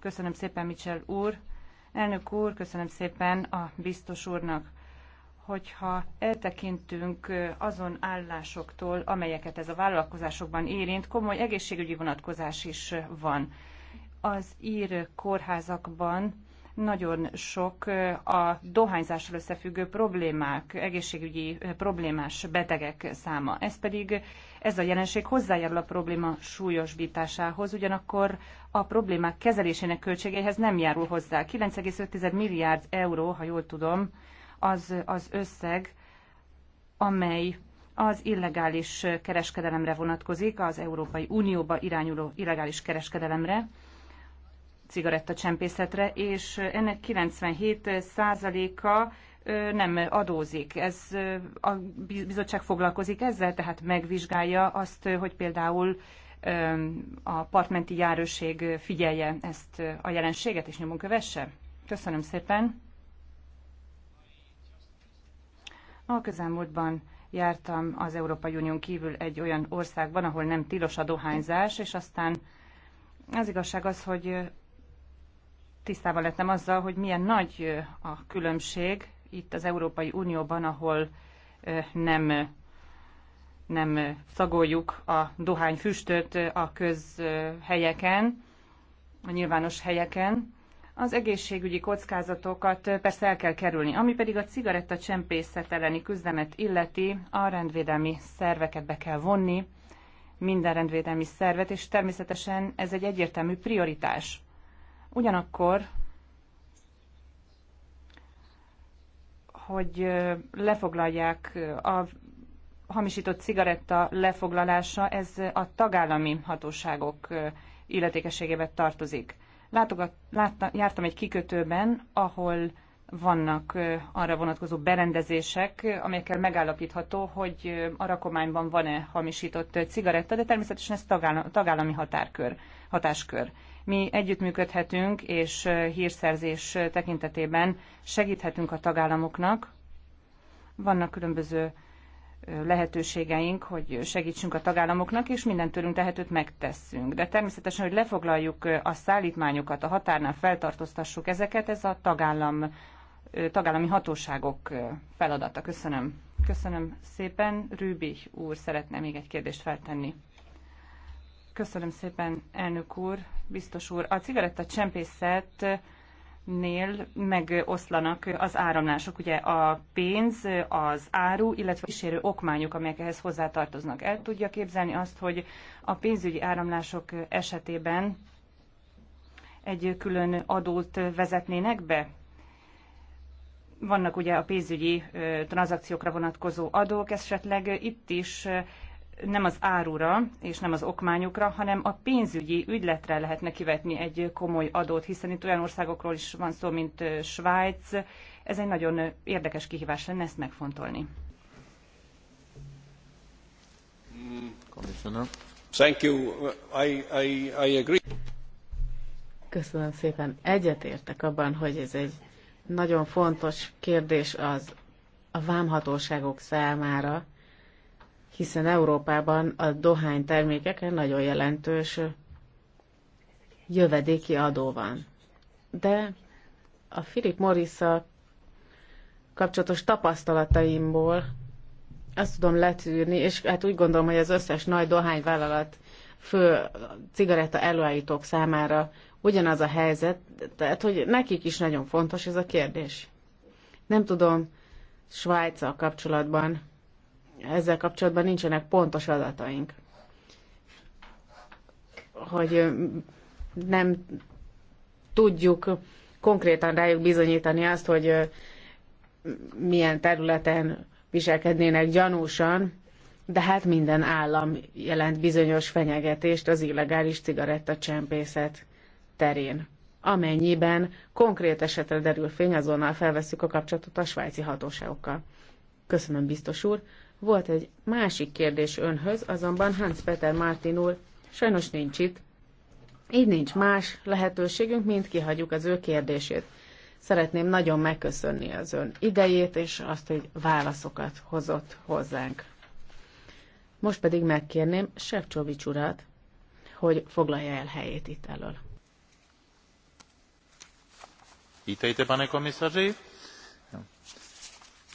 Speaker 2: Köszönöm szépen, Mitchell úr. Elnök úr, köszönöm szépen a biztos úrnak hogyha eltekintünk azon állásoktól, amelyeket ez a vállalkozásokban érint, komoly egészségügyi vonatkozás is van. Az ír kórházakban nagyon sok a dohányzással összefüggő problémák, egészségügyi problémás betegek száma. Ez pedig, ez a jelenség hozzájárul a probléma súlyosbításához, ugyanakkor a problémák kezelésének költségeihez nem járul hozzá. 9,5 milliárd euró, ha jól tudom, az az összeg, amely az illegális kereskedelemre vonatkozik, az Európai Unióba irányuló illegális kereskedelemre, cigarettacsempészetre, és ennek 97%-a nem adózik. Ez a bizottság foglalkozik ezzel, tehát megvizsgálja azt, hogy például a partmenti járőrség figyelje ezt a jelenséget és nyomon kövesse. Köszönöm szépen. A közelmúltban jártam az Európai Unión kívül egy olyan országban, ahol nem tilos a dohányzás, és aztán az igazság az, hogy tisztában lettem azzal, hogy milyen nagy a különbség itt az Európai Unióban, ahol nem, nem szagoljuk a dohányfüstöt a közhelyeken, a nyilvános helyeken, az egészségügyi kockázatokat persze el kell kerülni. Ami pedig a cigaretta csempészet elleni küzdemet illeti, a rendvédelmi szerveket be kell vonni, minden rendvédelmi szervet, és természetesen ez egy egyértelmű prioritás. Ugyanakkor hogy lefoglalják a hamisított cigaretta lefoglalása, ez a tagállami hatóságok illetékességébe tartozik. Látogat, látta, jártam egy kikötőben, ahol vannak arra vonatkozó berendezések, amelyekkel megállapítható, hogy a rakományban van-e hamisított cigaretta, de természetesen ez tagállami határkör, hatáskör. Mi együttműködhetünk, és hírszerzés tekintetében segíthetünk a tagállamoknak. Vannak különböző lehetőségeink, hogy segítsünk a tagállamoknak, és minden tőlünk tehetőt megtesszünk. De természetesen, hogy lefoglaljuk a szállítmányokat, a határnál feltartóztassuk ezeket, ez a tagállam, tagállami hatóságok feladata. Köszönöm. Köszönöm szépen. Rübi úr szeretne még egy kérdést feltenni. Köszönöm szépen, elnök úr, biztos úr. A cigaretta csempészet nél megoszlanak az áramlások, ugye a pénz, az áru, illetve a kísérő okmányok, amelyek ehhez hozzátartoznak. El tudja képzelni azt, hogy a pénzügyi áramlások esetében egy külön adót vezetnének be? Vannak ugye a pénzügyi tranzakciókra vonatkozó adók, esetleg itt is nem az árura és nem az okmányokra, hanem a pénzügyi ügyletre lehetne kivetni egy komoly adót, hiszen itt olyan országokról is van szó, mint Svájc. Ez egy nagyon érdekes kihívás lenne ezt megfontolni.
Speaker 3: Thank you. I, I, I agree. Köszönöm szépen. Egyetértek abban, hogy ez egy nagyon fontos kérdés az a vámhatóságok számára, hiszen Európában a dohány termékeken nagyon jelentős jövedéki adó van. De a Philip morris kapcsolatos tapasztalataimból azt tudom letűrni, és hát úgy gondolom, hogy az összes nagy dohányvállalat fő cigaretta előállítók számára ugyanaz a helyzet, tehát hogy nekik is nagyon fontos ez a kérdés. Nem tudom a kapcsolatban, ezzel kapcsolatban nincsenek pontos adataink. Hogy nem tudjuk konkrétan rájuk bizonyítani azt, hogy milyen területen viselkednének gyanúsan, de hát minden állam jelent bizonyos fenyegetést az illegális cigarettacsempészet terén. Amennyiben konkrét esetre derül fény, azonnal felveszük a kapcsolatot a svájci hatóságokkal. Köszönöm, biztos úr. Volt egy másik kérdés önhöz, azonban Hans Peter Martinul sajnos nincs itt. Így nincs más lehetőségünk, mint kihagyjuk az ő kérdését. Szeretném nagyon megköszönni az ön idejét, és azt, hogy válaszokat hozott hozzánk. Most pedig megkérném Sefcsovics urat, hogy foglalja el helyét itt elől.
Speaker 1: Itt pane komisaři.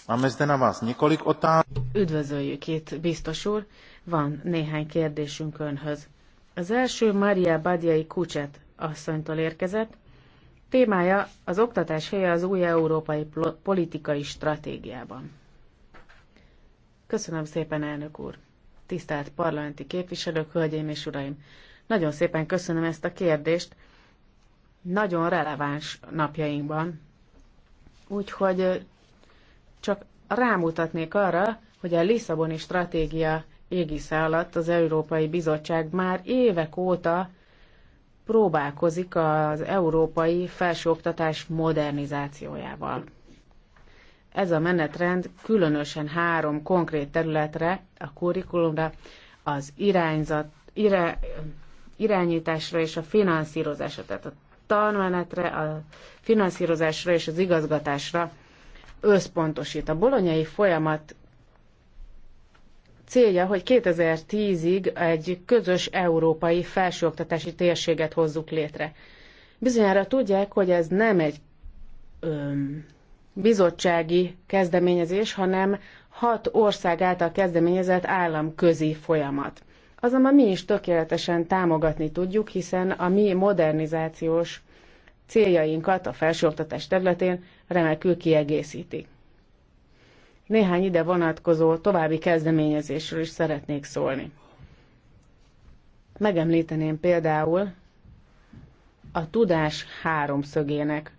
Speaker 1: Máme zde na vás několik otázek.
Speaker 3: Üdvözöljük itt, biztos úr. Van néhány kérdésünk önhöz. Az első Maria Badiai Kucset asszonytól érkezett. Témája az oktatás helye az új európai politikai stratégiában. Köszönöm szépen, elnök úr! Tisztelt parlamenti képviselők, hölgyeim és uraim! Nagyon szépen köszönöm ezt a kérdést. Nagyon releváns napjainkban. Úgyhogy csak rámutatnék arra, hogy a Lisszaboni stratégia égisze alatt az Európai Bizottság már évek óta próbálkozik az európai felsőoktatás modernizációjával. Ez a menetrend különösen három konkrét területre, a kurikulumra, az irányzat, ire, irányításra és a finanszírozásra, tehát a tanmenetre, a finanszírozásra és az igazgatásra összpontosít. A bolonyai folyamat célja, hogy 2010-ig egy közös európai felsőoktatási térséget hozzuk létre. Bizonyára tudják, hogy ez nem egy öm, bizottsági kezdeményezés, hanem hat ország által kezdeményezett államközi folyamat. Azonban mi is tökéletesen támogatni tudjuk, hiszen a mi modernizációs céljainkat a felsőoktatás területén remekül kiegészítik. Néhány ide vonatkozó további kezdeményezésről is szeretnék szólni. Megemlíteném például a tudás háromszögének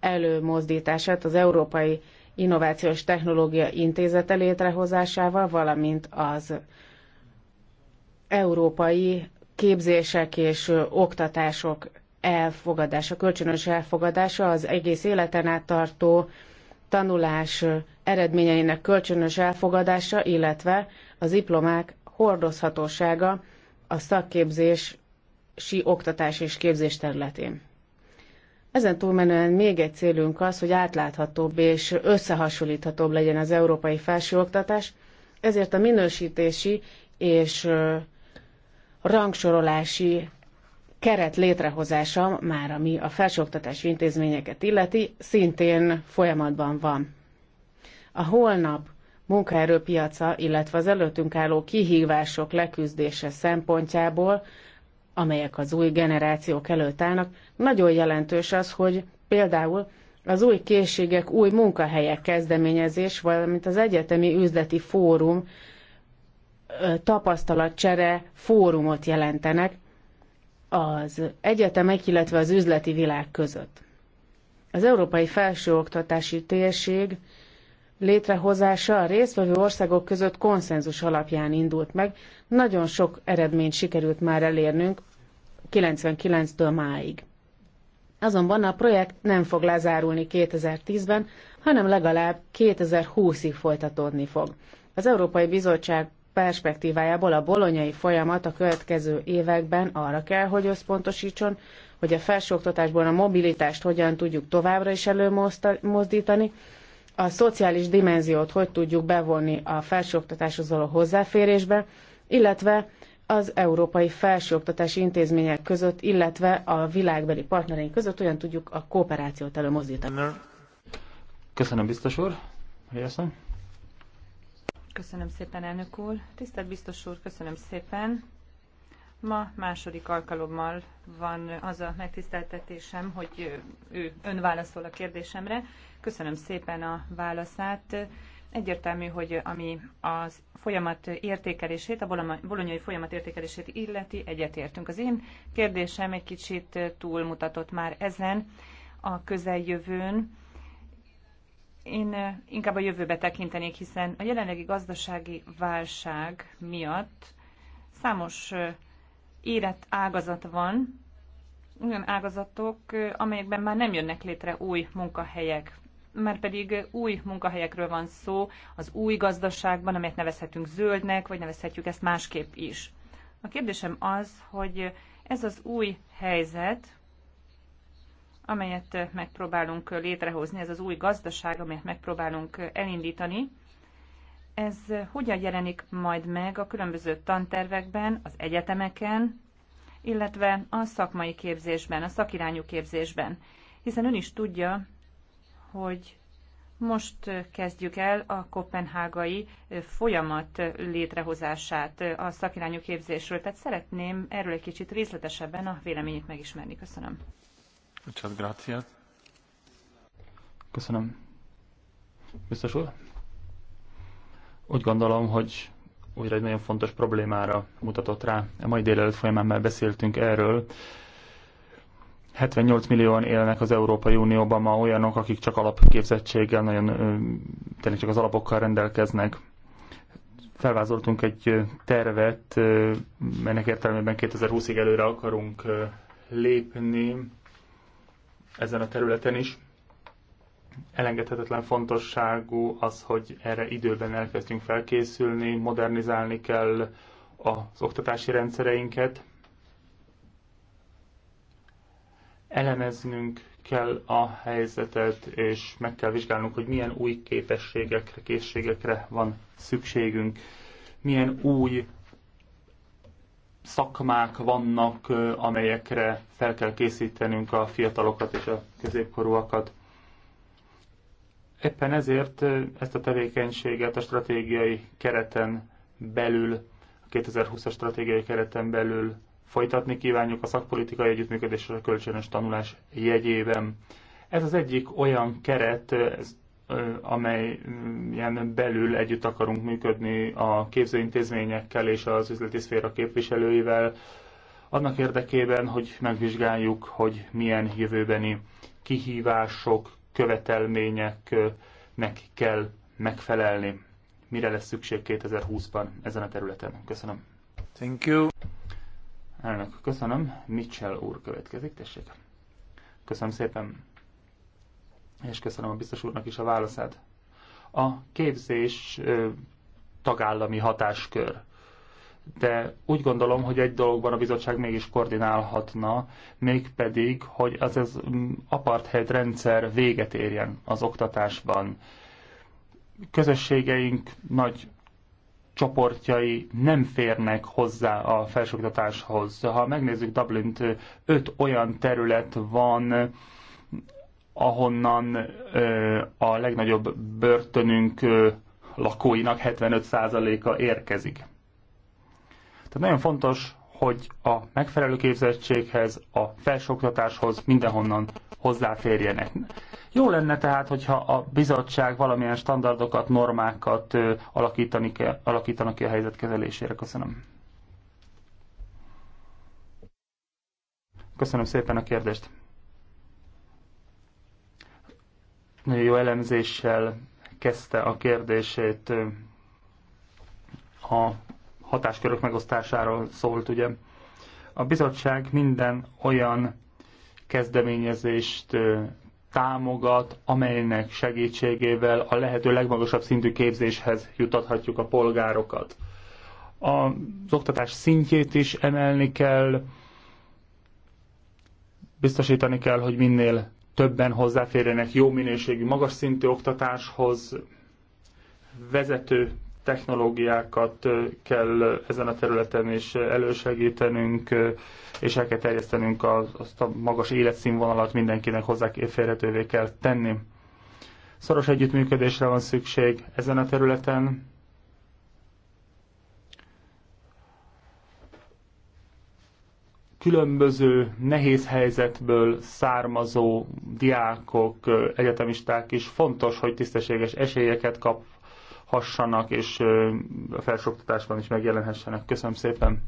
Speaker 3: előmozdítását az Európai Innovációs Technológia Intézete létrehozásával, valamint az Európai Képzések és Oktatások elfogadása, kölcsönös elfogadása, az egész életen át tartó tanulás eredményeinek kölcsönös elfogadása, illetve az diplomák hordozhatósága a szakképzési oktatás és képzés területén. Ezen túlmenően még egy célunk az, hogy átláthatóbb és összehasonlíthatóbb legyen az európai felsőoktatás, ezért a minősítési és rangsorolási keret létrehozása, már ami a felsőoktatási intézményeket illeti, szintén folyamatban van. A holnap munkaerőpiaca, illetve az előttünk álló kihívások leküzdése szempontjából, amelyek az új generációk előtt állnak, nagyon jelentős az, hogy például az új készségek, új munkahelyek kezdeményezés, valamint az egyetemi üzleti fórum tapasztalatcsere fórumot jelentenek, az egyetemek, illetve az üzleti világ között. Az európai felsőoktatási térség létrehozása a résztvevő országok között konszenzus alapján indult meg. Nagyon sok eredményt sikerült már elérnünk 99-től máig. Azonban a projekt nem fog lezárulni 2010-ben, hanem legalább 2020-ig folytatódni fog. Az Európai Bizottság perspektívájából a bolonyai folyamat a következő években arra kell, hogy összpontosítson, hogy a felsőoktatásban a mobilitást hogyan tudjuk továbbra is előmozdítani, a szociális dimenziót hogy tudjuk bevonni a felsőoktatáshoz való hozzáférésbe, illetve az európai felsőoktatási intézmények között, illetve a világbeli partnereink között olyan tudjuk a kooperációt előmozdítani.
Speaker 1: Köszönöm, biztos úr. Helyesen.
Speaker 2: Köszönöm szépen, elnök úr. Tisztelt biztos úr, köszönöm szépen. Ma második alkalommal van az a megtiszteltetésem, hogy ő ön válaszol a kérdésemre. Köszönöm szépen a válaszát. Egyértelmű, hogy ami az folyamat értékelését, a bolonyai folyamat értékelését illeti, egyetértünk. Az én kérdésem egy kicsit túlmutatott már ezen a közeljövőn én eh, inkább a jövőbe tekintenék, hiszen a jelenlegi gazdasági válság miatt számos eh, érett ágazat van, olyan ágazatok, eh, amelyekben már nem jönnek létre új munkahelyek. Már pedig új munkahelyekről van szó az új gazdaságban, amelyet nevezhetünk zöldnek, vagy nevezhetjük ezt másképp is. A kérdésem az, hogy ez az új helyzet amelyet megpróbálunk létrehozni, ez az új gazdaság, amelyet megpróbálunk elindítani, ez hogyan jelenik majd meg a különböző tantervekben, az egyetemeken, illetve a szakmai képzésben, a szakirányú képzésben. Hiszen ön is tudja, hogy most kezdjük el a kopenhágai folyamat létrehozását a szakirányú képzésről, tehát szeretném erről egy kicsit részletesebben a véleményét megismerni. Köszönöm.
Speaker 1: Muchas gracias. Köszönöm. Biztos úr? Úgy gondolom, hogy újra egy nagyon fontos problémára mutatott rá. A mai délelőtt folyamán már beszéltünk erről. 78 millióan élnek az Európai Unióban ma olyanok, akik csak alapképzettséggel, nagyon tényleg csak az alapokkal rendelkeznek. Felvázoltunk egy tervet, ennek értelmében 2020-ig előre akarunk lépni ezen a területen is. Elengedhetetlen fontosságú az, hogy erre időben elkezdjünk felkészülni, modernizálni kell az oktatási rendszereinket, elemeznünk kell a helyzetet, és meg kell vizsgálnunk, hogy milyen új képességekre, készségekre van szükségünk, milyen új szakmák vannak, amelyekre fel kell készítenünk a fiatalokat és a középkorúakat. Éppen ezért ezt a tevékenységet a stratégiai kereten belül, a 2020-as stratégiai kereten belül folytatni kívánjuk a szakpolitikai együttműködés és a kölcsönös tanulás jegyében. Ez az egyik olyan keret, ez amely mm, ilyen belül együtt akarunk működni a képzőintézményekkel és az üzleti szféra képviselőivel, annak érdekében, hogy megvizsgáljuk, hogy milyen jövőbeni kihívások, követelményeknek kell megfelelni. Mire lesz szükség 2020-ban ezen a területen? Köszönöm. Thank you. Elnök, köszönöm. Mitchell úr következik, tessék. Köszönöm szépen és köszönöm a biztos úrnak is a válaszát. A képzés tagállami hatáskör. De úgy gondolom, hogy egy dologban a bizottság mégis koordinálhatna, mégpedig, hogy az az apartheid rendszer véget érjen az oktatásban. Közösségeink nagy csoportjai nem férnek hozzá a felsőoktatáshoz. Ha megnézzük Dublint, öt olyan terület van, ahonnan a legnagyobb börtönünk lakóinak 75%-a érkezik. Tehát nagyon fontos, hogy a megfelelő képzettséghez, a felsőoktatáshoz mindenhonnan hozzáférjenek. Jó lenne tehát, hogyha a bizottság valamilyen standardokat, normákat alakítani ke, alakítanak ki a helyzet kezelésére. Köszönöm. Köszönöm szépen a kérdést. nagyon jó elemzéssel kezdte a kérdését a hatáskörök megosztásáról szólt, ugye. A bizottság minden olyan kezdeményezést támogat, amelynek segítségével a lehető legmagasabb szintű képzéshez jutathatjuk a polgárokat. Az oktatás szintjét is emelni kell, biztosítani kell, hogy minél többen hozzáférjenek jó minőségű, magas szintű oktatáshoz, vezető technológiákat kell ezen a területen is elősegítenünk, és el kell terjesztenünk azt a magas életszínvonalat mindenkinek hozzáférhetővé kell tenni. Szoros együttműködésre van szükség ezen a területen, különböző nehéz helyzetből származó diákok, egyetemisták is fontos, hogy tisztességes esélyeket kaphassanak, és a felsőoktatásban is megjelenhessenek. Köszönöm szépen.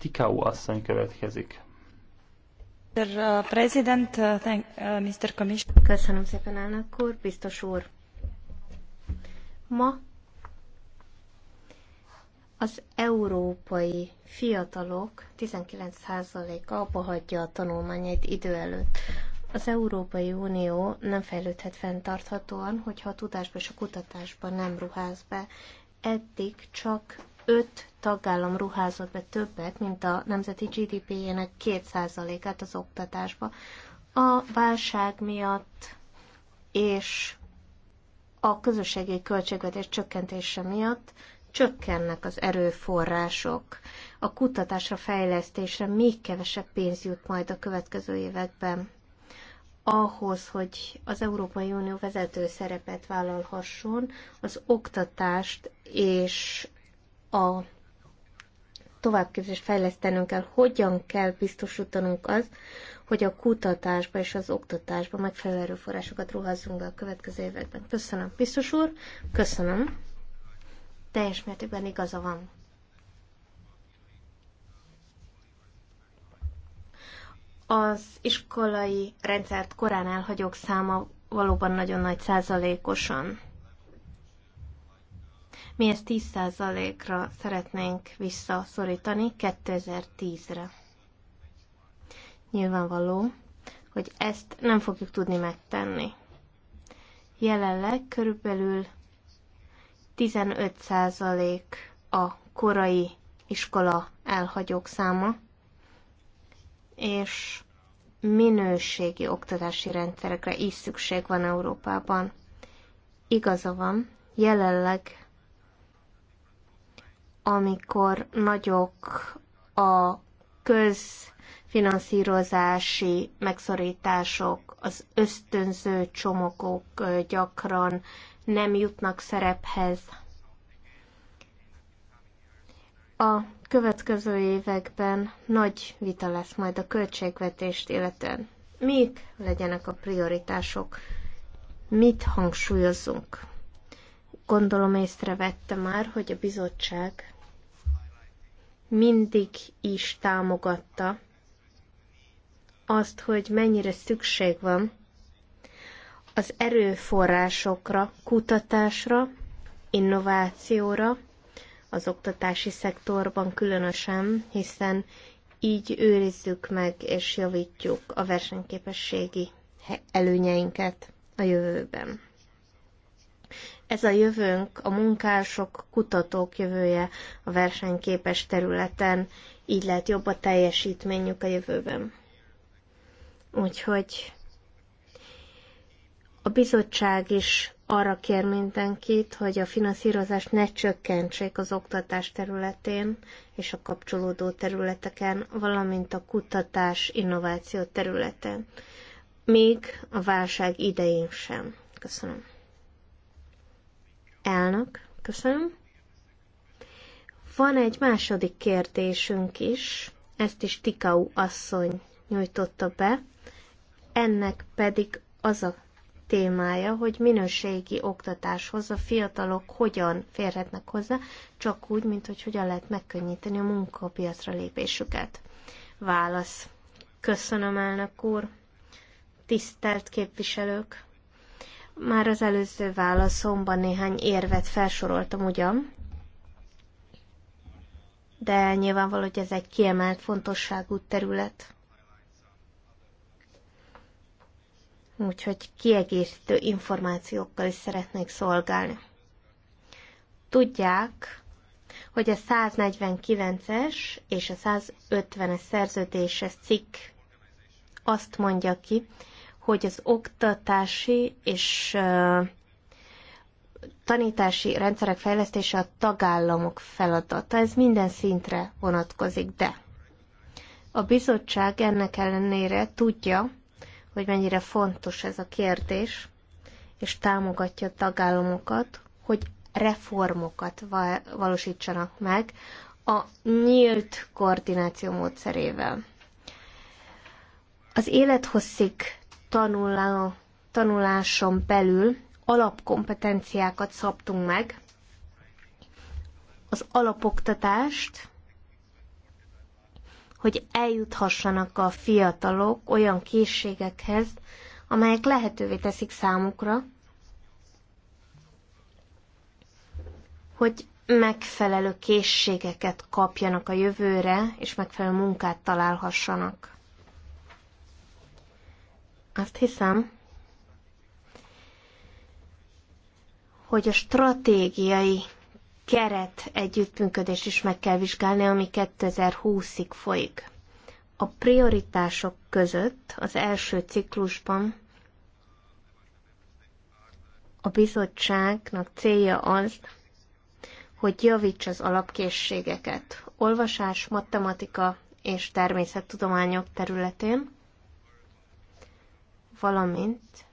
Speaker 1: Tikau asszony következik.
Speaker 4: Mr. Uh, President, uh, thank, uh, Mr. Commissioner. Köszönöm szépen, elnök úr, biztos úr. Ma az európai fiatalok 19%-a abbahagyja a tanulmányait idő előtt. Az Európai Unió nem fejlődhet fenntarthatóan, hogyha a tudásba és a kutatásba nem ruház be. Eddig csak öt tagállam ruházott be többet, mint a nemzeti GDP-jének 2%-át az oktatásba. A válság miatt és a közösségi költségvetés csökkentése miatt csökkennek az erőforrások, a kutatásra, fejlesztésre még kevesebb pénz jut majd a következő években. Ahhoz, hogy az Európai Unió vezető szerepet vállalhasson, az oktatást és a továbbképzést fejlesztenünk kell, hogyan kell biztosítanunk az, hogy a kutatásba és az oktatásba megfelelő erőforrásokat ruházzunk be a következő években. Köszönöm, biztos úr, köszönöm teljes mértékben igaza van. Az iskolai rendszert korán elhagyók száma valóban nagyon nagy százalékosan. Mi ezt 10 százalékra szeretnénk visszaszorítani 2010-re. Nyilvánvaló, hogy ezt nem fogjuk tudni megtenni. Jelenleg körülbelül 15% a korai iskola elhagyók száma, és minőségi oktatási rendszerekre is szükség van Európában. Igaza van, jelenleg, amikor nagyok a közfinanszírozási megszorítások, az ösztönző csomagok gyakran nem jutnak szerephez. A következő években nagy vita lesz majd a költségvetést illetően. Mik legyenek a prioritások? Mit hangsúlyozzunk? Gondolom észrevette már, hogy a bizottság mindig is támogatta azt, hogy mennyire szükség van az erőforrásokra, kutatásra, innovációra, az oktatási szektorban különösen, hiszen így őrizzük meg és javítjuk a versenyképességi előnyeinket a jövőben. Ez a jövőnk, a munkások, kutatók jövője a versenyképes területen, így lehet jobb a teljesítményük a jövőben. Úgyhogy a bizottság is arra kér mindenkit, hogy a finanszírozást ne csökkentsék az oktatás területén és a kapcsolódó területeken, valamint a kutatás innováció területen. Még a válság idején sem. Köszönöm. Elnök, köszönöm. Van egy második kérdésünk is, ezt is Tikau asszony nyújtotta be, ennek pedig az a témája, hogy minőségi oktatáshoz a fiatalok hogyan férhetnek hozzá, csak úgy, mint hogy hogyan lehet megkönnyíteni a munkapiacra lépésüket. Válasz. Köszönöm, elnök úr. Tisztelt képviselők. Már az előző válaszomban néhány érvet felsoroltam ugyan, de nyilvánvaló, hogy ez egy kiemelt fontosságú terület. úgyhogy kiegészítő információkkal is szeretnék szolgálni. Tudják, hogy a 149-es és a 150-es szerződéses cikk azt mondja ki, hogy az oktatási és tanítási rendszerek fejlesztése a tagállamok feladata. Ez minden szintre vonatkozik, de a bizottság ennek ellenére tudja, hogy mennyire fontos ez a kérdés, és támogatja a tagállamokat, hogy reformokat valósítsanak meg a nyílt koordináció módszerével. Az élethosszig tanulá, tanuláson belül alapkompetenciákat szabtunk meg, az alapoktatást hogy eljuthassanak a fiatalok olyan készségekhez, amelyek lehetővé teszik számukra, hogy megfelelő készségeket kapjanak a jövőre, és megfelelő munkát találhassanak. Azt hiszem, hogy a stratégiai keret együttműködés is meg kell vizsgálni, ami 2020-ig folyik. A prioritások között az első ciklusban a bizottságnak célja az, hogy javíts az alapkészségeket olvasás, matematika és természettudományok területén, valamint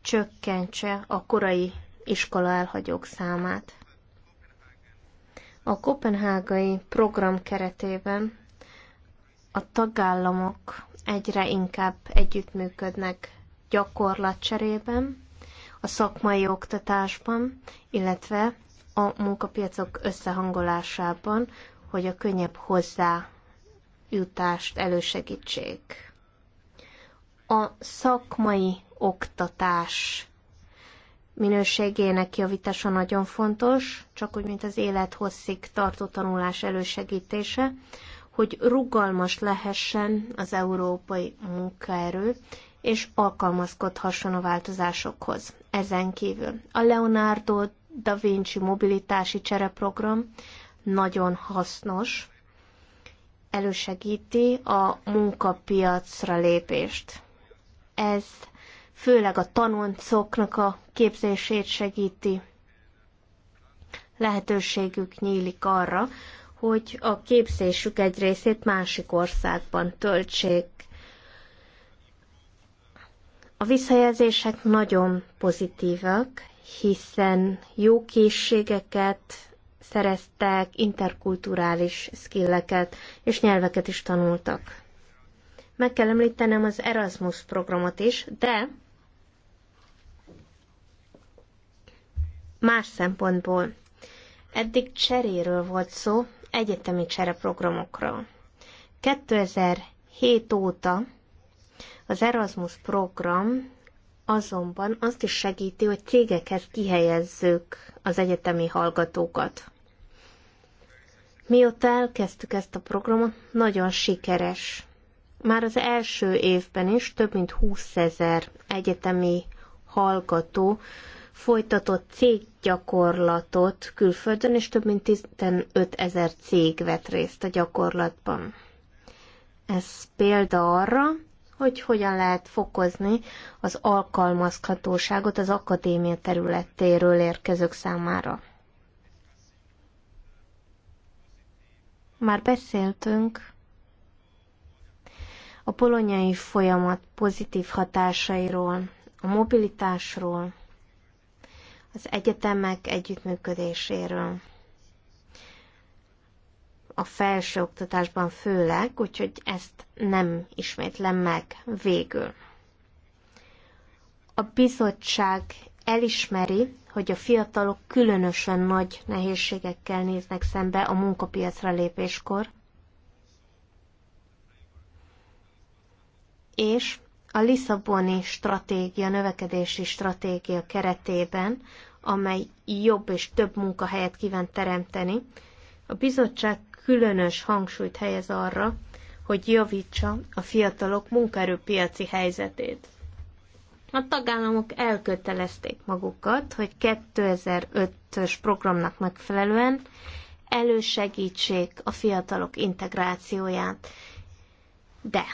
Speaker 4: csökkentse a korai iskola elhagyók számát. A kopenhágai program keretében a tagállamok egyre inkább együttműködnek gyakorlatcserében, a szakmai oktatásban, illetve a munkapiacok összehangolásában, hogy a könnyebb hozzájutást elősegítsék. A szakmai oktatás minőségének javítása nagyon fontos, csak úgy, mint az élet tartó tanulás elősegítése, hogy rugalmas lehessen az európai munkaerő, és alkalmazkodhasson a változásokhoz. Ezen kívül a Leonardo da Vinci mobilitási csereprogram nagyon hasznos, elősegíti a munkapiacra lépést. Ez főleg a tanoncoknak a képzését segíti. Lehetőségük nyílik arra, hogy a képzésük egy részét másik országban töltsék. A visszajelzések nagyon pozitívak, hiszen jó készségeket szereztek, interkulturális skilleket és nyelveket is tanultak. Meg kell említenem az Erasmus programot is, de más szempontból. Eddig cseréről volt szó, egyetemi csereprogramokról. 2007 óta az Erasmus program azonban azt is segíti, hogy cégekhez kihelyezzük az egyetemi hallgatókat. Mióta elkezdtük ezt a programot, nagyon sikeres. Már az első évben is több mint 20 ezer egyetemi hallgató folytatott céggyakorlatot külföldön, és több mint 15 ezer cég vett részt a gyakorlatban. Ez példa arra, hogy hogyan lehet fokozni az alkalmazhatóságot az akadémia területéről érkezők számára. Már beszéltünk a polonyai folyamat pozitív hatásairól, a mobilitásról, az egyetemek együttműködéséről. A felsőoktatásban főleg, úgyhogy ezt nem ismétlem meg végül. A bizottság elismeri, hogy a fiatalok különösen nagy nehézségekkel néznek szembe a munkapiacra lépéskor, és a Lisszaboni stratégia, növekedési stratégia keretében, amely jobb és több munkahelyet kíván teremteni, a bizottság különös hangsúlyt helyez arra, hogy javítsa a fiatalok munkaerőpiaci helyzetét. A tagállamok elkötelezték magukat, hogy 2005-ös programnak megfelelően elősegítsék a fiatalok integrációját. De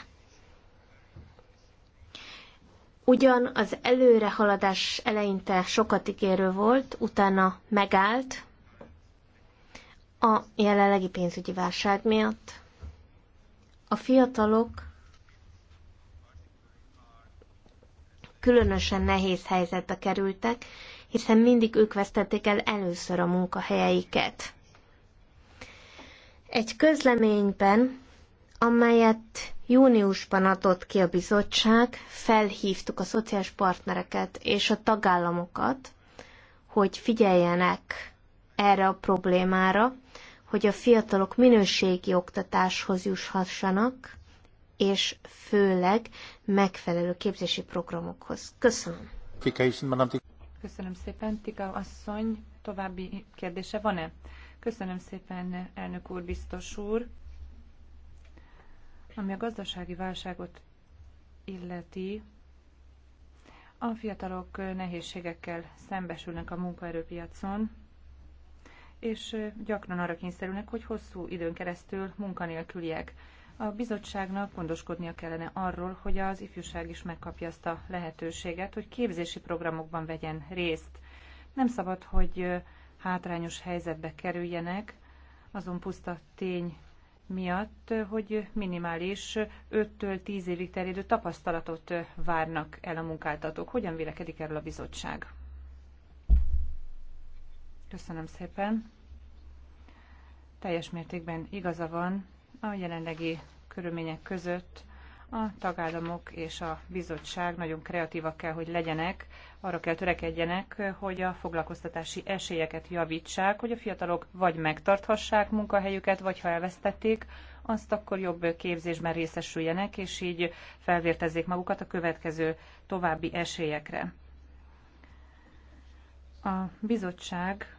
Speaker 4: Ugyan az előrehaladás eleinte sokat ígérő volt, utána megállt a jelenlegi pénzügyi válság miatt. A fiatalok különösen nehéz helyzetbe kerültek, hiszen mindig ők vesztették el először a munkahelyeiket. Egy közleményben amelyet júniusban adott ki a bizottság, felhívtuk a szociális partnereket és a tagállamokat, hogy figyeljenek erre a problémára, hogy a fiatalok minőségi oktatáshoz jusshassanak, és főleg megfelelő képzési programokhoz. Köszönöm. Köszönöm szépen, Tika asszony.
Speaker 2: További kérdése van-e? Köszönöm szépen, elnök úr, biztos úr. Ami a gazdasági válságot illeti, a fiatalok nehézségekkel szembesülnek a munkaerőpiacon, és gyakran arra kényszerülnek, hogy hosszú időn keresztül munkanélküliek. A bizottságnak gondoskodnia kellene arról, hogy az ifjúság is megkapja azt a lehetőséget, hogy képzési programokban vegyen részt. Nem szabad, hogy hátrányos helyzetbe kerüljenek, azon puszta tény miatt, hogy minimális 5-től 10 évig terjedő tapasztalatot várnak el a munkáltatók. Hogyan vélekedik erről a bizottság? Köszönöm szépen. Teljes mértékben igaza van a jelenlegi körülmények között a tagállamok és a bizottság nagyon kreatívak kell, hogy legyenek, arra kell törekedjenek, hogy a foglalkoztatási esélyeket javítsák, hogy a fiatalok vagy megtarthassák munkahelyüket, vagy ha elvesztették, azt akkor jobb képzésben részesüljenek, és így felvértezzék magukat a következő további esélyekre. A bizottság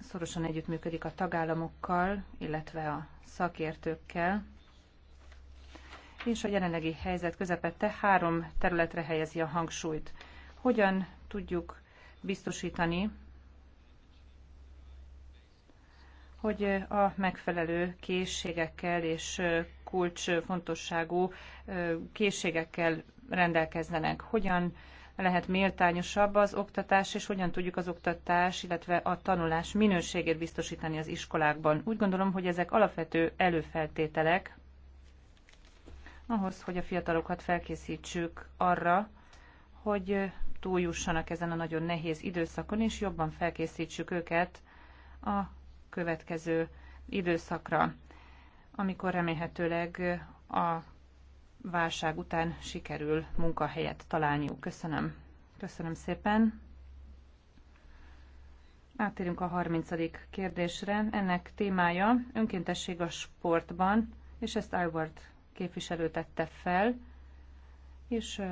Speaker 2: szorosan együttműködik a tagállamokkal, illetve a szakértőkkel, és a jelenlegi helyzet közepette három területre helyezi a hangsúlyt. Hogyan tudjuk biztosítani, hogy a megfelelő készségekkel és kulcsfontosságú készségekkel rendelkezzenek. Hogyan lehet méltányosabb az oktatás, és hogyan tudjuk az oktatás, illetve a tanulás minőségét biztosítani az iskolákban. Úgy gondolom, hogy ezek alapvető előfeltételek ahhoz, hogy a fiatalokat felkészítsük arra, hogy túljussanak ezen a nagyon nehéz időszakon, és jobban felkészítsük őket a következő időszakra, amikor remélhetőleg a válság után sikerül munkahelyet találniuk. Köszönöm. Köszönöm szépen. Átérünk a 30. kérdésre. Ennek témája önkéntesség a sportban, és ezt Albert képviselő tette fel, és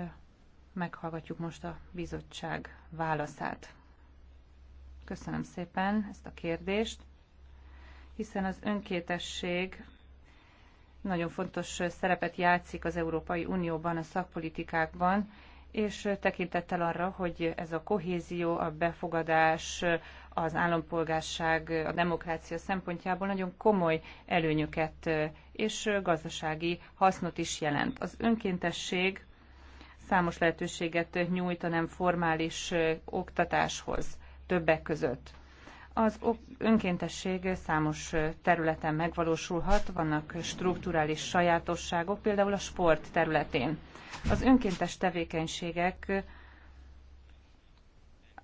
Speaker 2: meghallgatjuk most a bizottság válaszát. Köszönöm szépen ezt a kérdést, hiszen az önkétesség nagyon fontos szerepet játszik az Európai Unióban, a szakpolitikákban, és tekintettel arra, hogy ez a kohézió, a befogadás, az állampolgárság, a demokrácia szempontjából nagyon komoly előnyöket és gazdasági hasznot is jelent. Az önkéntesség számos lehetőséget nyújt a nem formális oktatáshoz többek között. Az önkéntesség számos területen megvalósulhat, vannak strukturális sajátosságok, például a sport területén. Az önkéntes tevékenységek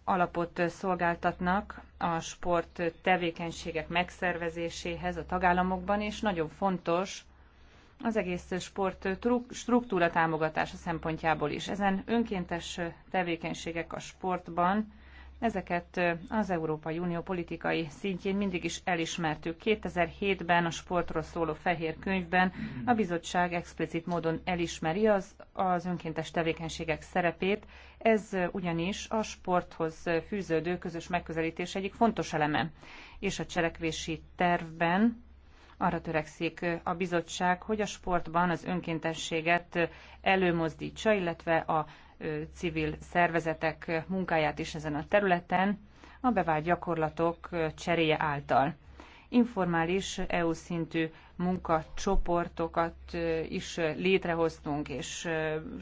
Speaker 2: alapot szolgáltatnak a sport tevékenységek megszervezéséhez a tagállamokban, és nagyon fontos az egész sport struktúra támogatása szempontjából is. Ezen önkéntes tevékenységek a sportban Ezeket az Európai Unió politikai szintjén mindig is elismertük. 2007-ben a sportról szóló fehér könyvben a bizottság explicit módon elismeri az, az önkéntes tevékenységek szerepét. Ez ugyanis a sporthoz fűződő közös megközelítés egyik fontos eleme. És a cselekvési tervben arra törekszik a bizottság, hogy a sportban az önkéntességet előmozdítsa, illetve a civil szervezetek munkáját is ezen a területen a bevált gyakorlatok cseréje által. Informális EU szintű munkacsoportokat is létrehoztunk, és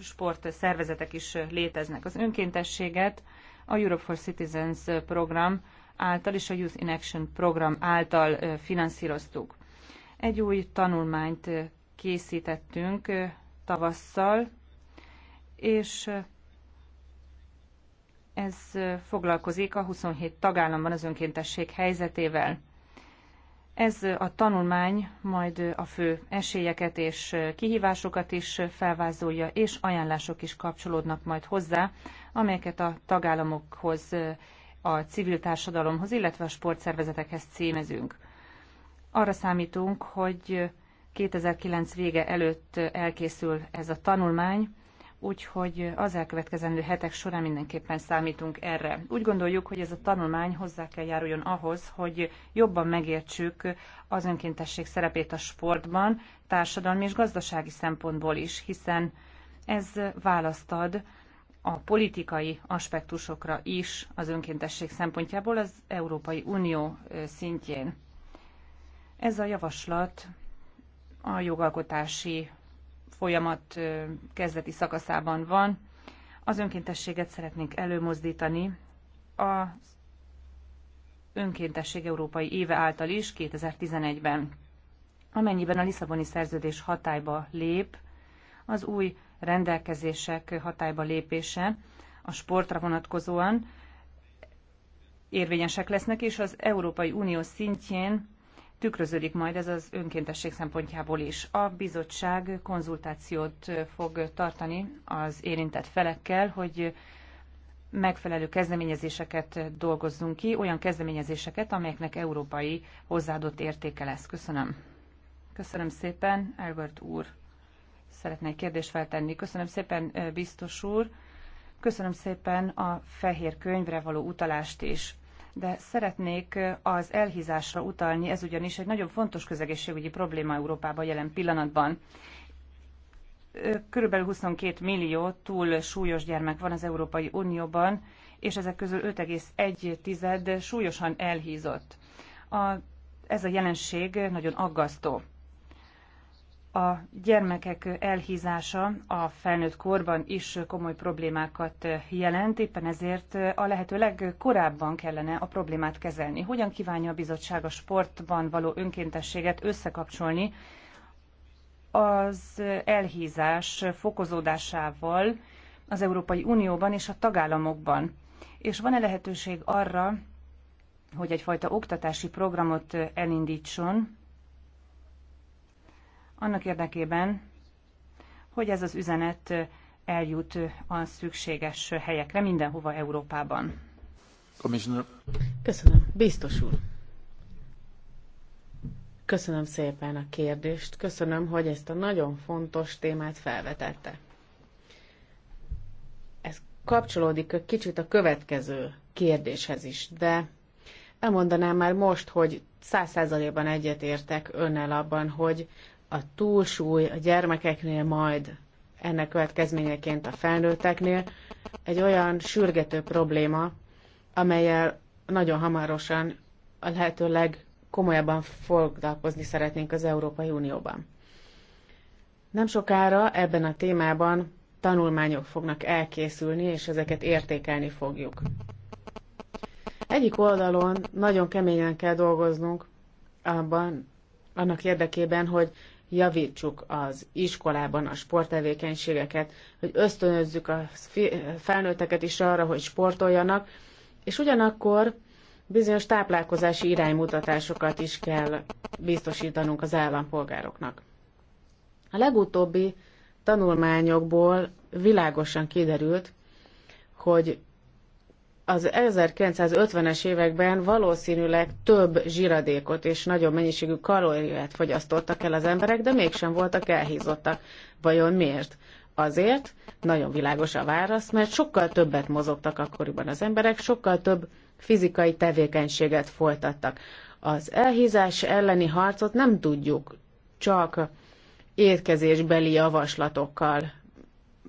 Speaker 2: sportszervezetek is léteznek. Az önkéntességet a Europe for Citizens program által és a Youth in Action program által finanszíroztuk. Egy új tanulmányt készítettünk tavasszal, és ez foglalkozik a 27 tagállamban az önkéntesség helyzetével. Ez a tanulmány majd a fő esélyeket és kihívásokat is felvázolja, és ajánlások is kapcsolódnak majd hozzá, amelyeket a tagállamokhoz, a civil társadalomhoz, illetve a sportszervezetekhez címezünk. Arra számítunk, hogy 2009 vége előtt elkészül ez a tanulmány, úgyhogy az elkövetkezendő hetek során mindenképpen számítunk erre. Úgy gondoljuk, hogy ez a tanulmány hozzá kell járuljon ahhoz, hogy jobban megértsük az önkéntesség szerepét a sportban, társadalmi és gazdasági szempontból is, hiszen ez választ ad a politikai aspektusokra is az önkéntesség szempontjából az Európai Unió szintjén. Ez a javaslat a jogalkotási folyamat kezdeti szakaszában van. Az önkéntességet szeretnénk előmozdítani a önkéntesség európai éve által is 2011-ben. Amennyiben a Lisszaboni szerződés hatályba lép, az új rendelkezések hatályba lépése a sportra vonatkozóan érvényesek lesznek, és az Európai Unió szintjén tükröződik majd ez az önkéntesség szempontjából is. A bizottság konzultációt fog tartani az érintett felekkel, hogy megfelelő kezdeményezéseket dolgozzunk ki, olyan kezdeményezéseket, amelyeknek európai hozzáadott értéke lesz. Köszönöm. Köszönöm szépen, Albert úr. szeretnék egy kérdést feltenni. Köszönöm szépen, biztos úr. Köszönöm szépen a fehér könyvre való utalást is de szeretnék az elhízásra utalni, ez ugyanis egy nagyon fontos közegészségügyi probléma Európában jelen pillanatban. Körülbelül 22 millió túl súlyos gyermek van az Európai Unióban, és ezek közül 5,1 súlyosan elhízott. A, ez a jelenség nagyon aggasztó a gyermekek elhízása a felnőtt korban is komoly problémákat jelent, éppen ezért a lehető legkorábban kellene a problémát kezelni. Hogyan kívánja a bizottság a sportban való önkéntességet összekapcsolni az elhízás fokozódásával az Európai Unióban és a tagállamokban? És van-e lehetőség arra, hogy egyfajta oktatási programot elindítson, annak érdekében, hogy ez az üzenet eljut a
Speaker 3: szükséges helyekre, mindenhova Európában. Köszönöm. Biztos úr. Köszönöm szépen a kérdést. Köszönöm, hogy ezt a nagyon fontos témát felvetette. Ez kapcsolódik egy kicsit a következő kérdéshez is, de elmondanám már most, hogy száz százalékban egyetértek önnel abban, hogy a túlsúly a gyermekeknél, majd ennek következményeként a felnőtteknél egy olyan sürgető probléma, amelyel nagyon hamarosan a lehető legkomolyabban foglalkozni szeretnénk az Európai Unióban. Nem sokára ebben a témában tanulmányok fognak elkészülni, és ezeket értékelni fogjuk. Egyik oldalon nagyon keményen kell dolgoznunk abban, annak érdekében, hogy javítsuk az iskolában a sporttevékenységeket, hogy ösztönözzük a felnőtteket is arra, hogy sportoljanak, és ugyanakkor bizonyos táplálkozási iránymutatásokat is kell biztosítanunk az állampolgároknak. A legutóbbi tanulmányokból világosan kiderült, hogy az 1950-es években valószínűleg több zsiradékot és nagyobb mennyiségű kalóriát fogyasztottak el az emberek, de mégsem voltak elhízottak. Vajon miért? Azért, nagyon világos a válasz, mert sokkal többet mozogtak akkoriban az emberek, sokkal több fizikai tevékenységet folytattak. Az elhízás elleni harcot nem tudjuk csak étkezésbeli javaslatokkal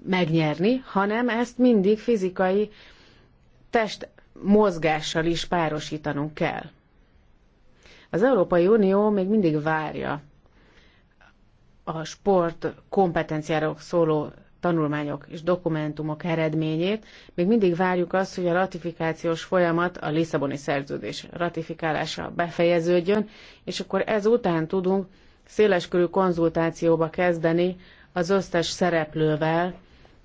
Speaker 3: megnyerni, hanem ezt mindig fizikai test mozgással is párosítanunk kell. Az Európai Unió még mindig várja a sport kompetenciáról szóló tanulmányok és dokumentumok eredményét. Még mindig várjuk azt, hogy a ratifikációs folyamat a Lisszaboni szerződés ratifikálása befejeződjön, és akkor ezután tudunk széleskörű konzultációba kezdeni az összes szereplővel,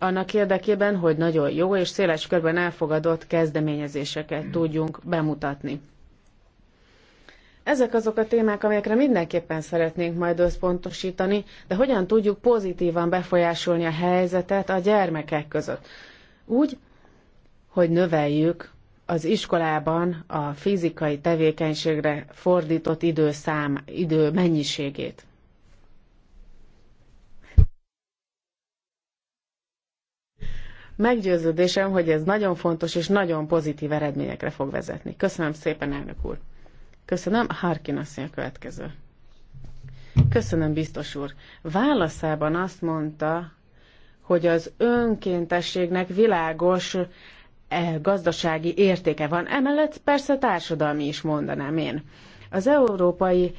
Speaker 3: annak érdekében, hogy nagyon jó és széles körben elfogadott kezdeményezéseket tudjunk bemutatni. Ezek azok a témák, amelyekre mindenképpen szeretnénk majd összpontosítani, de hogyan tudjuk pozitívan befolyásolni a helyzetet a gyermekek között. Úgy, hogy növeljük az iskolában a fizikai tevékenységre fordított idő, szám, idő mennyiségét. Meggyőződésem, hogy ez nagyon fontos és nagyon pozitív eredményekre fog vezetni. Köszönöm szépen, elnök úr. Köszönöm, Harkin asszony a következő. Köszönöm, biztos úr. Válaszában azt mondta, hogy az önkéntességnek világos eh, gazdasági értéke van. Emellett persze társadalmi is mondanám én. Az európai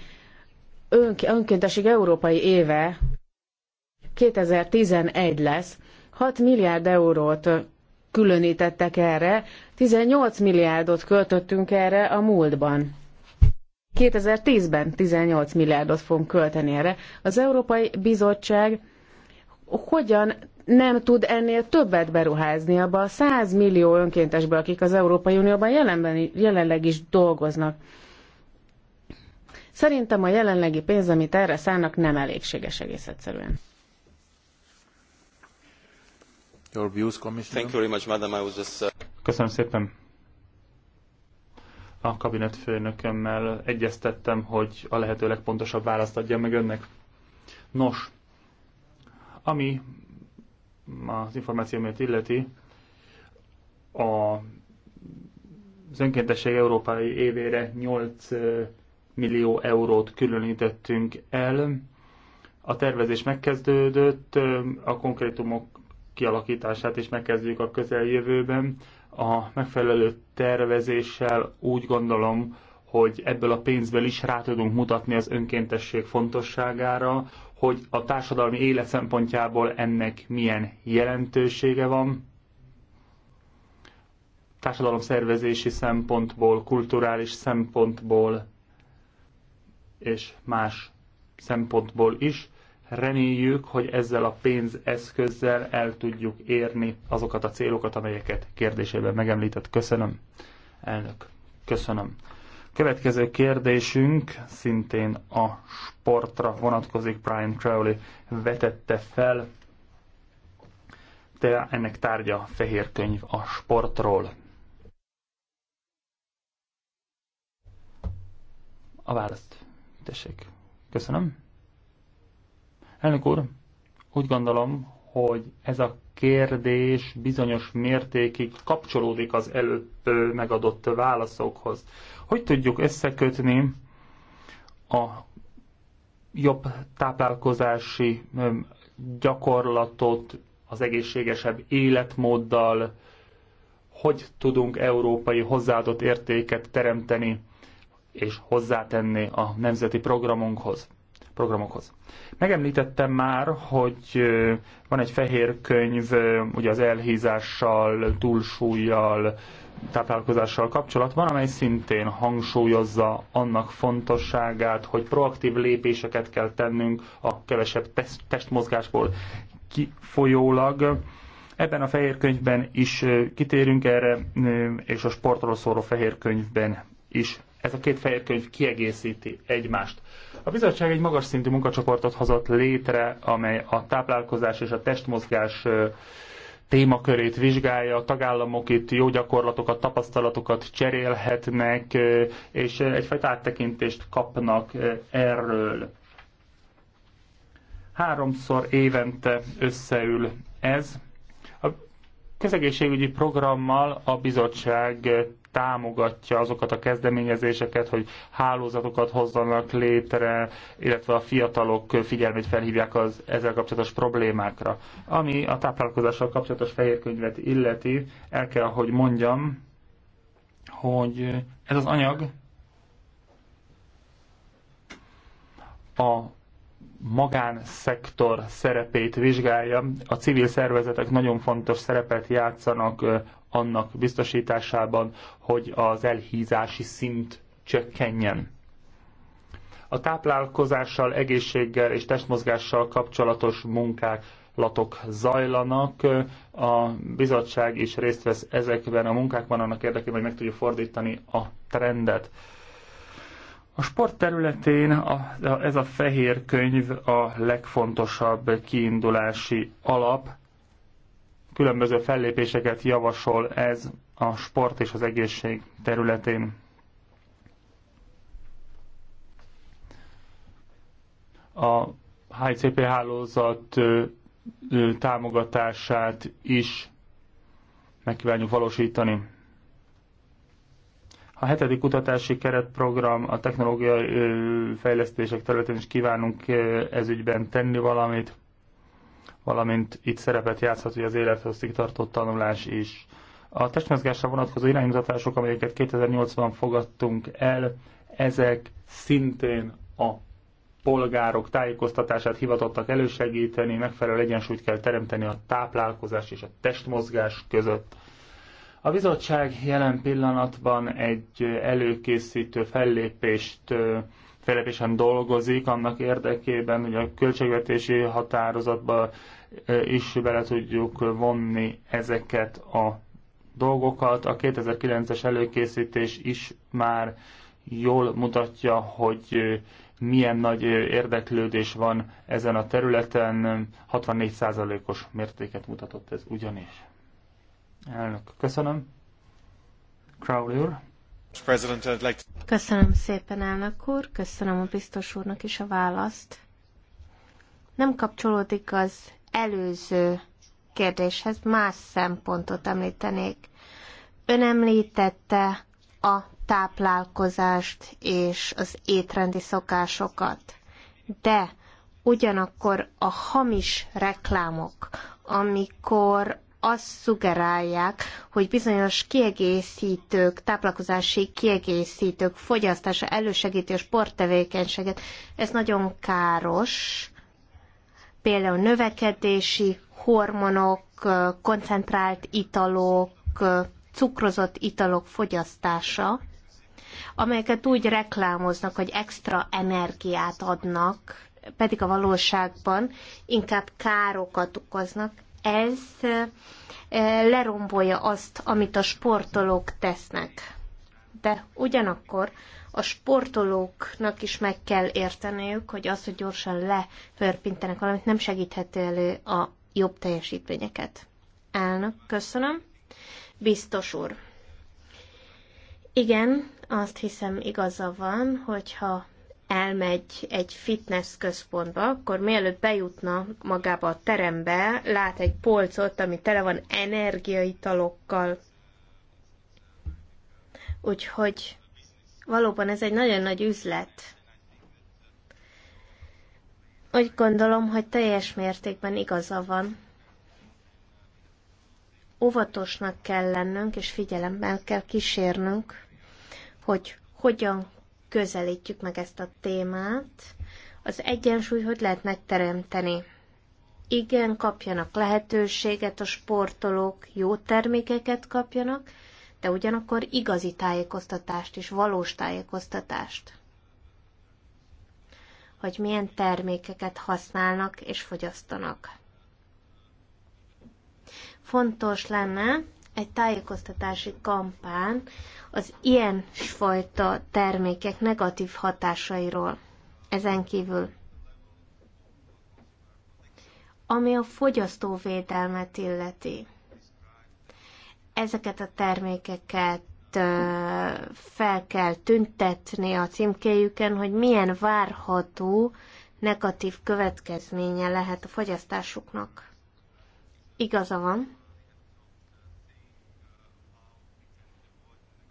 Speaker 3: önkéntesség európai éve 2011 lesz, 6 milliárd eurót különítettek erre, 18 milliárdot költöttünk erre a múltban. 2010-ben 18 milliárdot fogunk költeni erre. Az Európai Bizottság hogyan nem tud ennél többet beruházni abba a 100 millió önkéntesbe, akik az Európai Unióban jelenben, jelenleg is dolgoznak. Szerintem a jelenlegi pénz, amit erre szállnak, nem elégséges egész
Speaker 1: egyszerűen. Your views, Commissioner. Thank
Speaker 3: you very much, Madam. I was just, uh...
Speaker 1: Köszönöm szépen. A kabinetfőnökömmel egyeztettem, hogy a lehető legpontosabb választ adja meg önnek. Nos, ami az információmat illeti, a az önkéntesség európai évére 8 millió eurót különítettünk el. A tervezés megkezdődött, a konkrétumok kialakítását is megkezdjük a közeljövőben. A megfelelő tervezéssel úgy gondolom, hogy ebből a pénzből is rá tudunk mutatni az önkéntesség fontosságára, hogy a társadalmi élet szempontjából ennek milyen jelentősége van, társadalom szervezési szempontból, kulturális szempontból és más szempontból is. Reméljük, hogy ezzel a pénzeszközzel el tudjuk érni azokat a célokat, amelyeket kérdésében megemlített. Köszönöm, elnök. Köszönöm. Következő kérdésünk szintén a sportra vonatkozik. Brian Crowley vetette fel, de ennek tárgya fehér könyv a sportról. A választ. Tessék. Köszönöm. Elnök úr, úgy gondolom, hogy ez a kérdés bizonyos mértékig kapcsolódik az előbb megadott válaszokhoz. Hogy tudjuk összekötni a jobb táplálkozási gyakorlatot az egészségesebb életmóddal, hogy tudunk európai hozzáadott értéket teremteni és hozzátenni a nemzeti programunkhoz programokhoz. Megemlítettem már, hogy van egy fehér könyv, ugye az elhízással, túlsúlyjal, táplálkozással kapcsolatban, amely szintén hangsúlyozza annak fontosságát, hogy proaktív lépéseket kell tennünk a kevesebb testmozgásból kifolyólag. Ebben a fehér könyvben is kitérünk erre, és a sportról szóló fehér könyvben is. Ez a két fehér könyv kiegészíti egymást. A bizottság egy magas szintű munkacsoportot hozott létre, amely a táplálkozás és a testmozgás témakörét vizsgálja, a tagállamok itt jó gyakorlatokat, tapasztalatokat cserélhetnek, és egyfajta áttekintést kapnak erről. Háromszor évente összeül ez, közegészségügyi programmal a bizottság támogatja azokat a kezdeményezéseket, hogy hálózatokat hozzanak létre, illetve a fiatalok figyelmét felhívják az ezzel kapcsolatos problémákra. Ami a táplálkozással kapcsolatos fehérkönyvet illeti, el kell, hogy mondjam, hogy ez az anyag a magánszektor szerepét vizsgálja. A civil szervezetek nagyon fontos szerepet játszanak annak biztosításában, hogy az elhízási szint csökkenjen. A táplálkozással, egészséggel és testmozgással kapcsolatos munkák latok zajlanak. A bizottság is részt vesz ezekben a munkákban annak érdekében, hogy meg tudjuk fordítani a trendet. A sport területén a, a, ez a fehér könyv a legfontosabb kiindulási alap. Különböző fellépéseket javasol ez a sport és az egészség területén. A HCP hálózat támogatását is meg kívánjuk valósítani. A hetedik kutatási keretprogram a technológiai fejlesztések területén is kívánunk ezügyben tenni valamit, valamint itt szerepet játszhat, hogy az élethosszig tartott tanulás is. A testmozgásra vonatkozó iránymutatások, amelyeket 2008-ban fogadtunk el, ezek szintén a polgárok tájékoztatását hivatottak elősegíteni, megfelelő egyensúlyt kell teremteni a táplálkozás és a testmozgás között. A bizottság jelen pillanatban egy előkészítő fellépést fellépésen dolgozik annak érdekében, hogy a költségvetési határozatba is bele tudjuk vonni ezeket a dolgokat. A 2009-es előkészítés is már jól mutatja, hogy milyen nagy érdeklődés van ezen a területen. 64%-os mértéket mutatott ez ugyanis. Elnök, köszönöm. Crowley úr.
Speaker 4: Köszönöm szépen, elnök úr, köszönöm a biztos úrnak is a választ. Nem kapcsolódik az előző kérdéshez, más szempontot említenék. Ön említette a táplálkozást és az étrendi szokásokat, de ugyanakkor a hamis reklámok, amikor azt szugerálják, hogy bizonyos kiegészítők, táplálkozási kiegészítők fogyasztása elősegíti a sporttevékenységet. Ez nagyon káros. Például növekedési hormonok, koncentrált italok, cukrozott italok fogyasztása, amelyeket úgy reklámoznak, hogy extra energiát adnak, pedig a valóságban inkább károkat okoznak, ez lerombolja azt, amit a sportolók tesznek. De ugyanakkor a sportolóknak is meg kell érteniük, hogy az, hogy gyorsan leförpintenek valamit, nem segítheti elő a jobb teljesítményeket. Elnök, köszönöm. Biztos úr. Igen, azt hiszem igaza van, hogyha elmegy egy fitness központba, akkor mielőtt bejutna magába a terembe, lát egy polcot, ami tele van energiaitalokkal. Úgyhogy valóban ez egy nagyon nagy üzlet. Úgy gondolom, hogy teljes mértékben igaza van. Óvatosnak kell lennünk, és figyelemben kell kísérnünk, hogy hogyan közelítjük meg ezt a témát. Az egyensúly hogy lehet megteremteni? Igen, kapjanak lehetőséget a sportolók, jó termékeket kapjanak, de ugyanakkor igazi tájékoztatást és valós tájékoztatást. Hogy milyen termékeket használnak és fogyasztanak. Fontos lenne egy tájékoztatási kampány, az ilyen fajta termékek negatív hatásairól. Ezen kívül, ami a fogyasztóvédelmet illeti, ezeket a termékeket fel kell tüntetni a címkéjüken, hogy milyen várható negatív következménye lehet a fogyasztásuknak. Igaza van.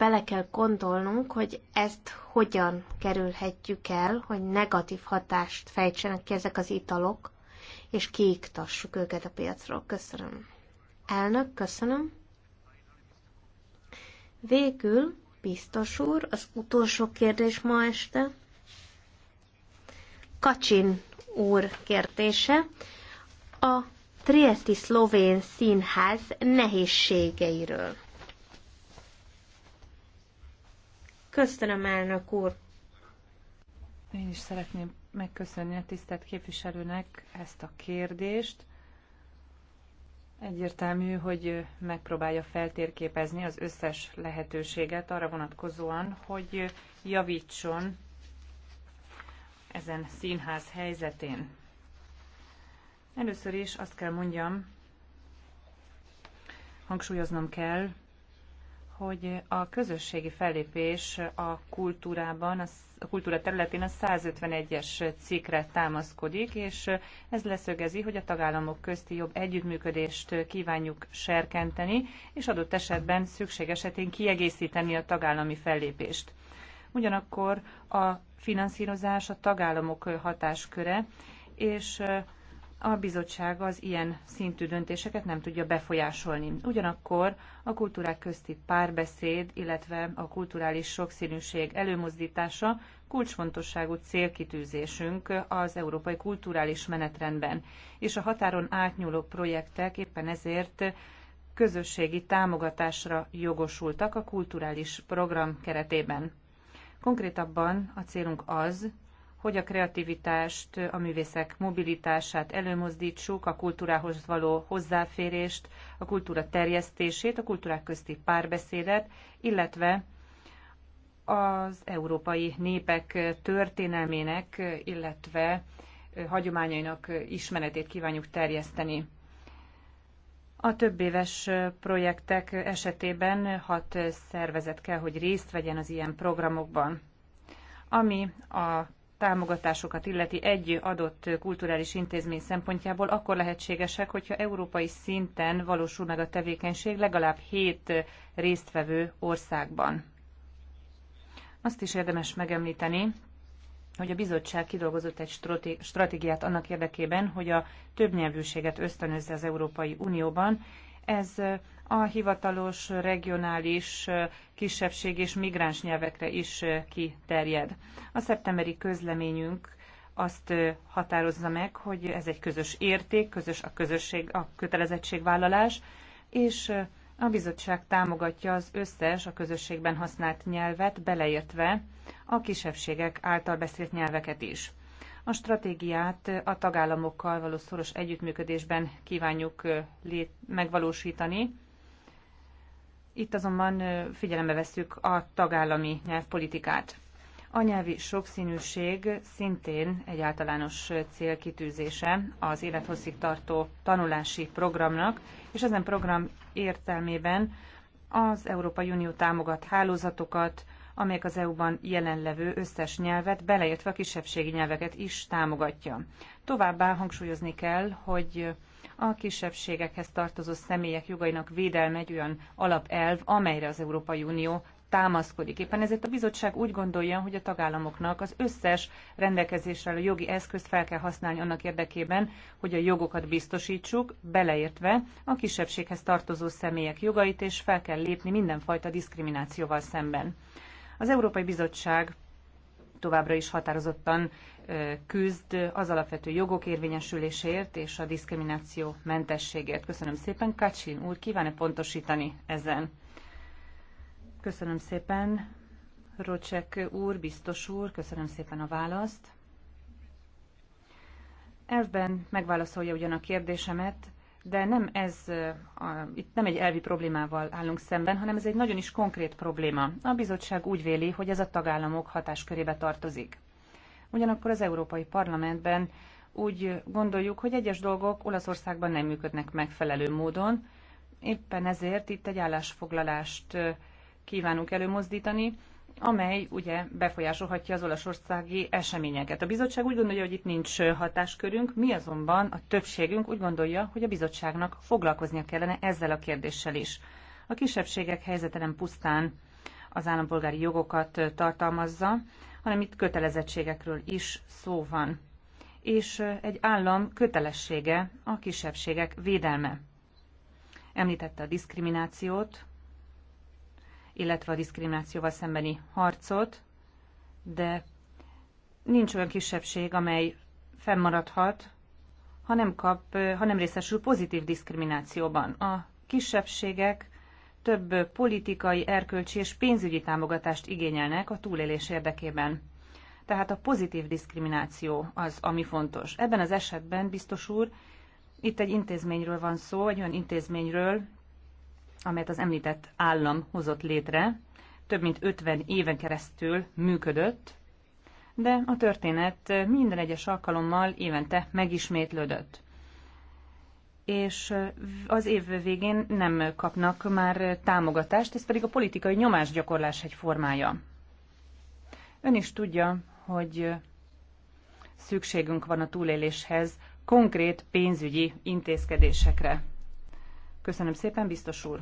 Speaker 4: bele kell gondolnunk, hogy ezt hogyan kerülhetjük el, hogy negatív hatást fejtsenek ki ezek az italok, és kiiktassuk őket a piacról. Köszönöm. Elnök, köszönöm. Végül, biztos úr, az utolsó kérdés ma este. Kacsin úr kérdése. A Triesti Szlovén Színház nehézségeiről. Köszönöm, elnök
Speaker 2: úr! Én is szeretném megköszönni a tisztelt képviselőnek ezt a kérdést. Egyértelmű, hogy megpróbálja feltérképezni az összes lehetőséget arra vonatkozóan, hogy javítson ezen színház helyzetén. Először is azt kell mondjam, hangsúlyoznom kell, hogy a közösségi fellépés a kultúrában, a kultúra területén a 151-es cikkre támaszkodik, és ez leszögezi, hogy a tagállamok közti jobb együttműködést kívánjuk serkenteni, és adott esetben szükség esetén kiegészíteni a tagállami fellépést. Ugyanakkor a finanszírozás a tagállamok hatásköre, és a bizottság az ilyen szintű döntéseket nem tudja befolyásolni. Ugyanakkor a kultúrák közti párbeszéd, illetve a kulturális sokszínűség előmozdítása kulcsfontosságú célkitűzésünk az európai kulturális menetrendben, és a határon átnyúló projektek éppen ezért közösségi támogatásra jogosultak a kulturális program keretében. Konkrétabban a célunk az, hogy a kreativitást, a művészek mobilitását előmozdítsuk, a kultúrához való hozzáférést, a kultúra terjesztését, a kultúrák közti párbeszédet, illetve az európai népek történelmének, illetve hagyományainak ismeretét kívánjuk terjeszteni. A több éves projektek esetében hat szervezet kell, hogy részt vegyen az ilyen programokban. Ami a támogatásokat illeti egy adott kulturális intézmény szempontjából akkor lehetségesek, hogyha európai szinten valósul meg a tevékenység legalább hét résztvevő országban. Azt is érdemes megemlíteni, hogy a bizottság kidolgozott egy stratégiát annak érdekében, hogy a többnyelvűséget ösztönözze az Európai Unióban, ez a hivatalos regionális kisebbség és migráns nyelvekre is kiterjed. A szeptemberi közleményünk azt határozza meg, hogy ez egy közös érték, közös a közösség, a kötelezettségvállalás, és a bizottság támogatja az összes a közösségben használt nyelvet, beleértve a kisebbségek által beszélt nyelveket is. A stratégiát a tagállamokkal való szoros együttműködésben kívánjuk megvalósítani. Itt azonban figyelembe vesszük a tagállami nyelvpolitikát. A nyelvi sokszínűség szintén egy általános célkitűzése az élethosszig tartó tanulási programnak, és ezen program értelmében az Európai Unió támogat hálózatokat, amelyek az EU-ban jelenlevő összes nyelvet, beleértve a kisebbségi nyelveket is támogatja. Továbbá hangsúlyozni kell, hogy a kisebbségekhez tartozó személyek jogainak védelme egy olyan alapelv, amelyre az Európai Unió támaszkodik. Éppen ezért a bizottság úgy gondolja, hogy a tagállamoknak az összes rendelkezésre a jogi eszközt fel kell használni annak érdekében, hogy a jogokat biztosítsuk, beleértve a kisebbséghez tartozó személyek jogait, és fel kell lépni mindenfajta diszkriminációval szemben. Az Európai Bizottság továbbra is határozottan küzd az alapvető jogok érvényesüléséért és a diszkrimináció mentességért. Köszönöm szépen. Kacsin úr, kíván-e pontosítani ezen? Köszönöm szépen, Rocsek úr, biztos úr, köszönöm szépen a választ. Elvben megválaszolja ugyan a kérdésemet, de nem ez, a, itt nem egy elvi problémával állunk szemben, hanem ez egy nagyon is konkrét probléma. A bizottság úgy véli, hogy ez a tagállamok hatáskörébe tartozik. Ugyanakkor az Európai Parlamentben úgy gondoljuk, hogy egyes dolgok Olaszországban nem működnek megfelelő módon, éppen ezért itt egy állásfoglalást kívánunk előmozdítani, amely ugye befolyásolhatja az olaszországi eseményeket. A bizottság úgy gondolja, hogy itt nincs hatáskörünk, mi azonban a többségünk úgy gondolja, hogy a bizottságnak foglalkoznia kellene ezzel a kérdéssel is. A kisebbségek helyzete nem pusztán az állampolgári jogokat tartalmazza, hanem itt kötelezettségekről is szó van. És egy állam kötelessége a kisebbségek védelme. Említette a diszkriminációt, illetve a diszkriminációval szembeni harcot, de nincs olyan kisebbség, amely fennmaradhat, ha nem, kap, ha nem részesül pozitív diszkriminációban. A kisebbségek több politikai, erkölcsi és pénzügyi támogatást igényelnek a túlélés érdekében. Tehát a pozitív diszkrimináció az, ami fontos. Ebben az esetben, biztos úr, itt egy intézményről van szó, egy olyan intézményről, amelyet az említett állam hozott létre, több mint 50 éven keresztül működött, de a történet minden egyes alkalommal évente megismétlődött. És az év végén nem kapnak már támogatást, ez pedig a politikai nyomásgyakorlás egy formája. Ön is tudja, hogy szükségünk van a túléléshez konkrét
Speaker 3: pénzügyi intézkedésekre. Köszönöm szépen, biztos úr.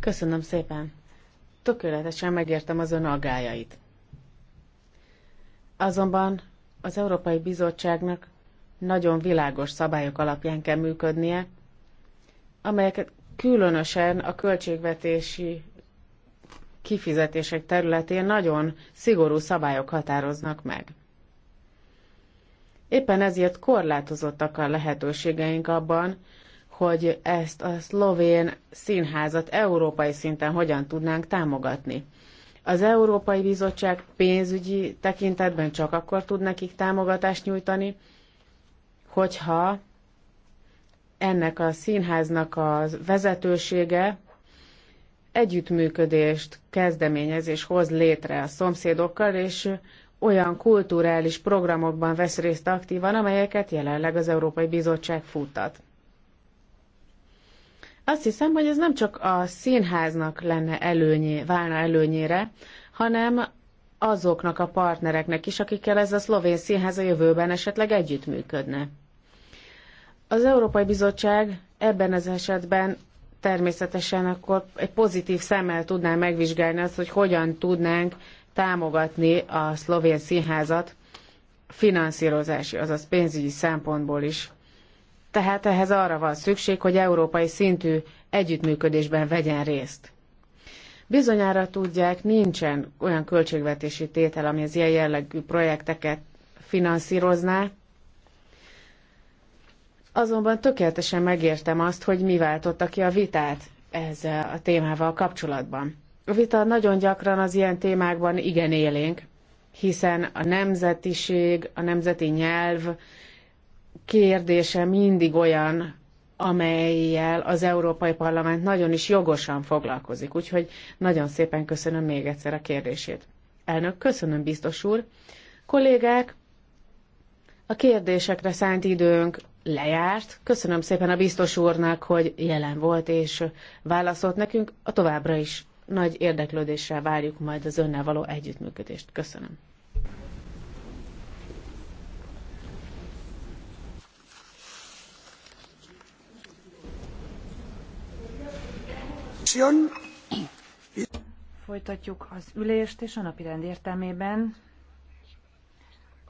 Speaker 3: Köszönöm szépen. Tökéletesen megértem az ön aggájait. Azonban az Európai Bizottságnak nagyon világos szabályok alapján kell működnie, amelyeket különösen a költségvetési kifizetések területén nagyon szigorú szabályok határoznak meg. Éppen ezért korlátozottak a lehetőségeink abban, hogy ezt a szlovén színházat európai szinten hogyan tudnánk támogatni. Az Európai Bizottság pénzügyi tekintetben csak akkor tud nekik támogatást nyújtani, hogyha ennek a színháznak a vezetősége együttműködést kezdeményez és hoz létre a szomszédokkal, és olyan kulturális programokban vesz részt aktívan, amelyeket jelenleg az Európai Bizottság futtat. Azt hiszem, hogy ez nem csak a színháznak lenne előnyé, válna előnyére, hanem azoknak a partnereknek is, akikkel ez a szlovén színház a jövőben esetleg együttműködne. Az Európai Bizottság ebben az esetben természetesen akkor egy pozitív szemmel tudná megvizsgálni azt, hogy hogyan tudnánk támogatni a szlovén színházat finanszírozási, azaz pénzügyi szempontból is. Tehát ehhez arra van szükség, hogy európai szintű együttműködésben vegyen részt. Bizonyára tudják, nincsen olyan költségvetési tétel, ami az ilyen jellegű projekteket finanszírozná, Azonban tökéletesen megértem azt, hogy mi váltotta ki a vitát ezzel a témával kapcsolatban. A vita nagyon gyakran az ilyen témákban igen élénk, hiszen a nemzetiség, a nemzeti nyelv kérdése mindig olyan, amelyel az Európai Parlament nagyon is jogosan foglalkozik. Úgyhogy nagyon szépen köszönöm még egyszer a kérdését. Elnök, köszönöm, biztos úr. Kollégák, a kérdésekre szánt időnk lejárt. Köszönöm szépen a biztos úrnak, hogy jelen volt és válaszolt nekünk. A továbbra is nagy érdeklődéssel várjuk majd az önnel való együttműködést. Köszönöm.
Speaker 2: Folytatjuk az ülést, és a napirend értelmében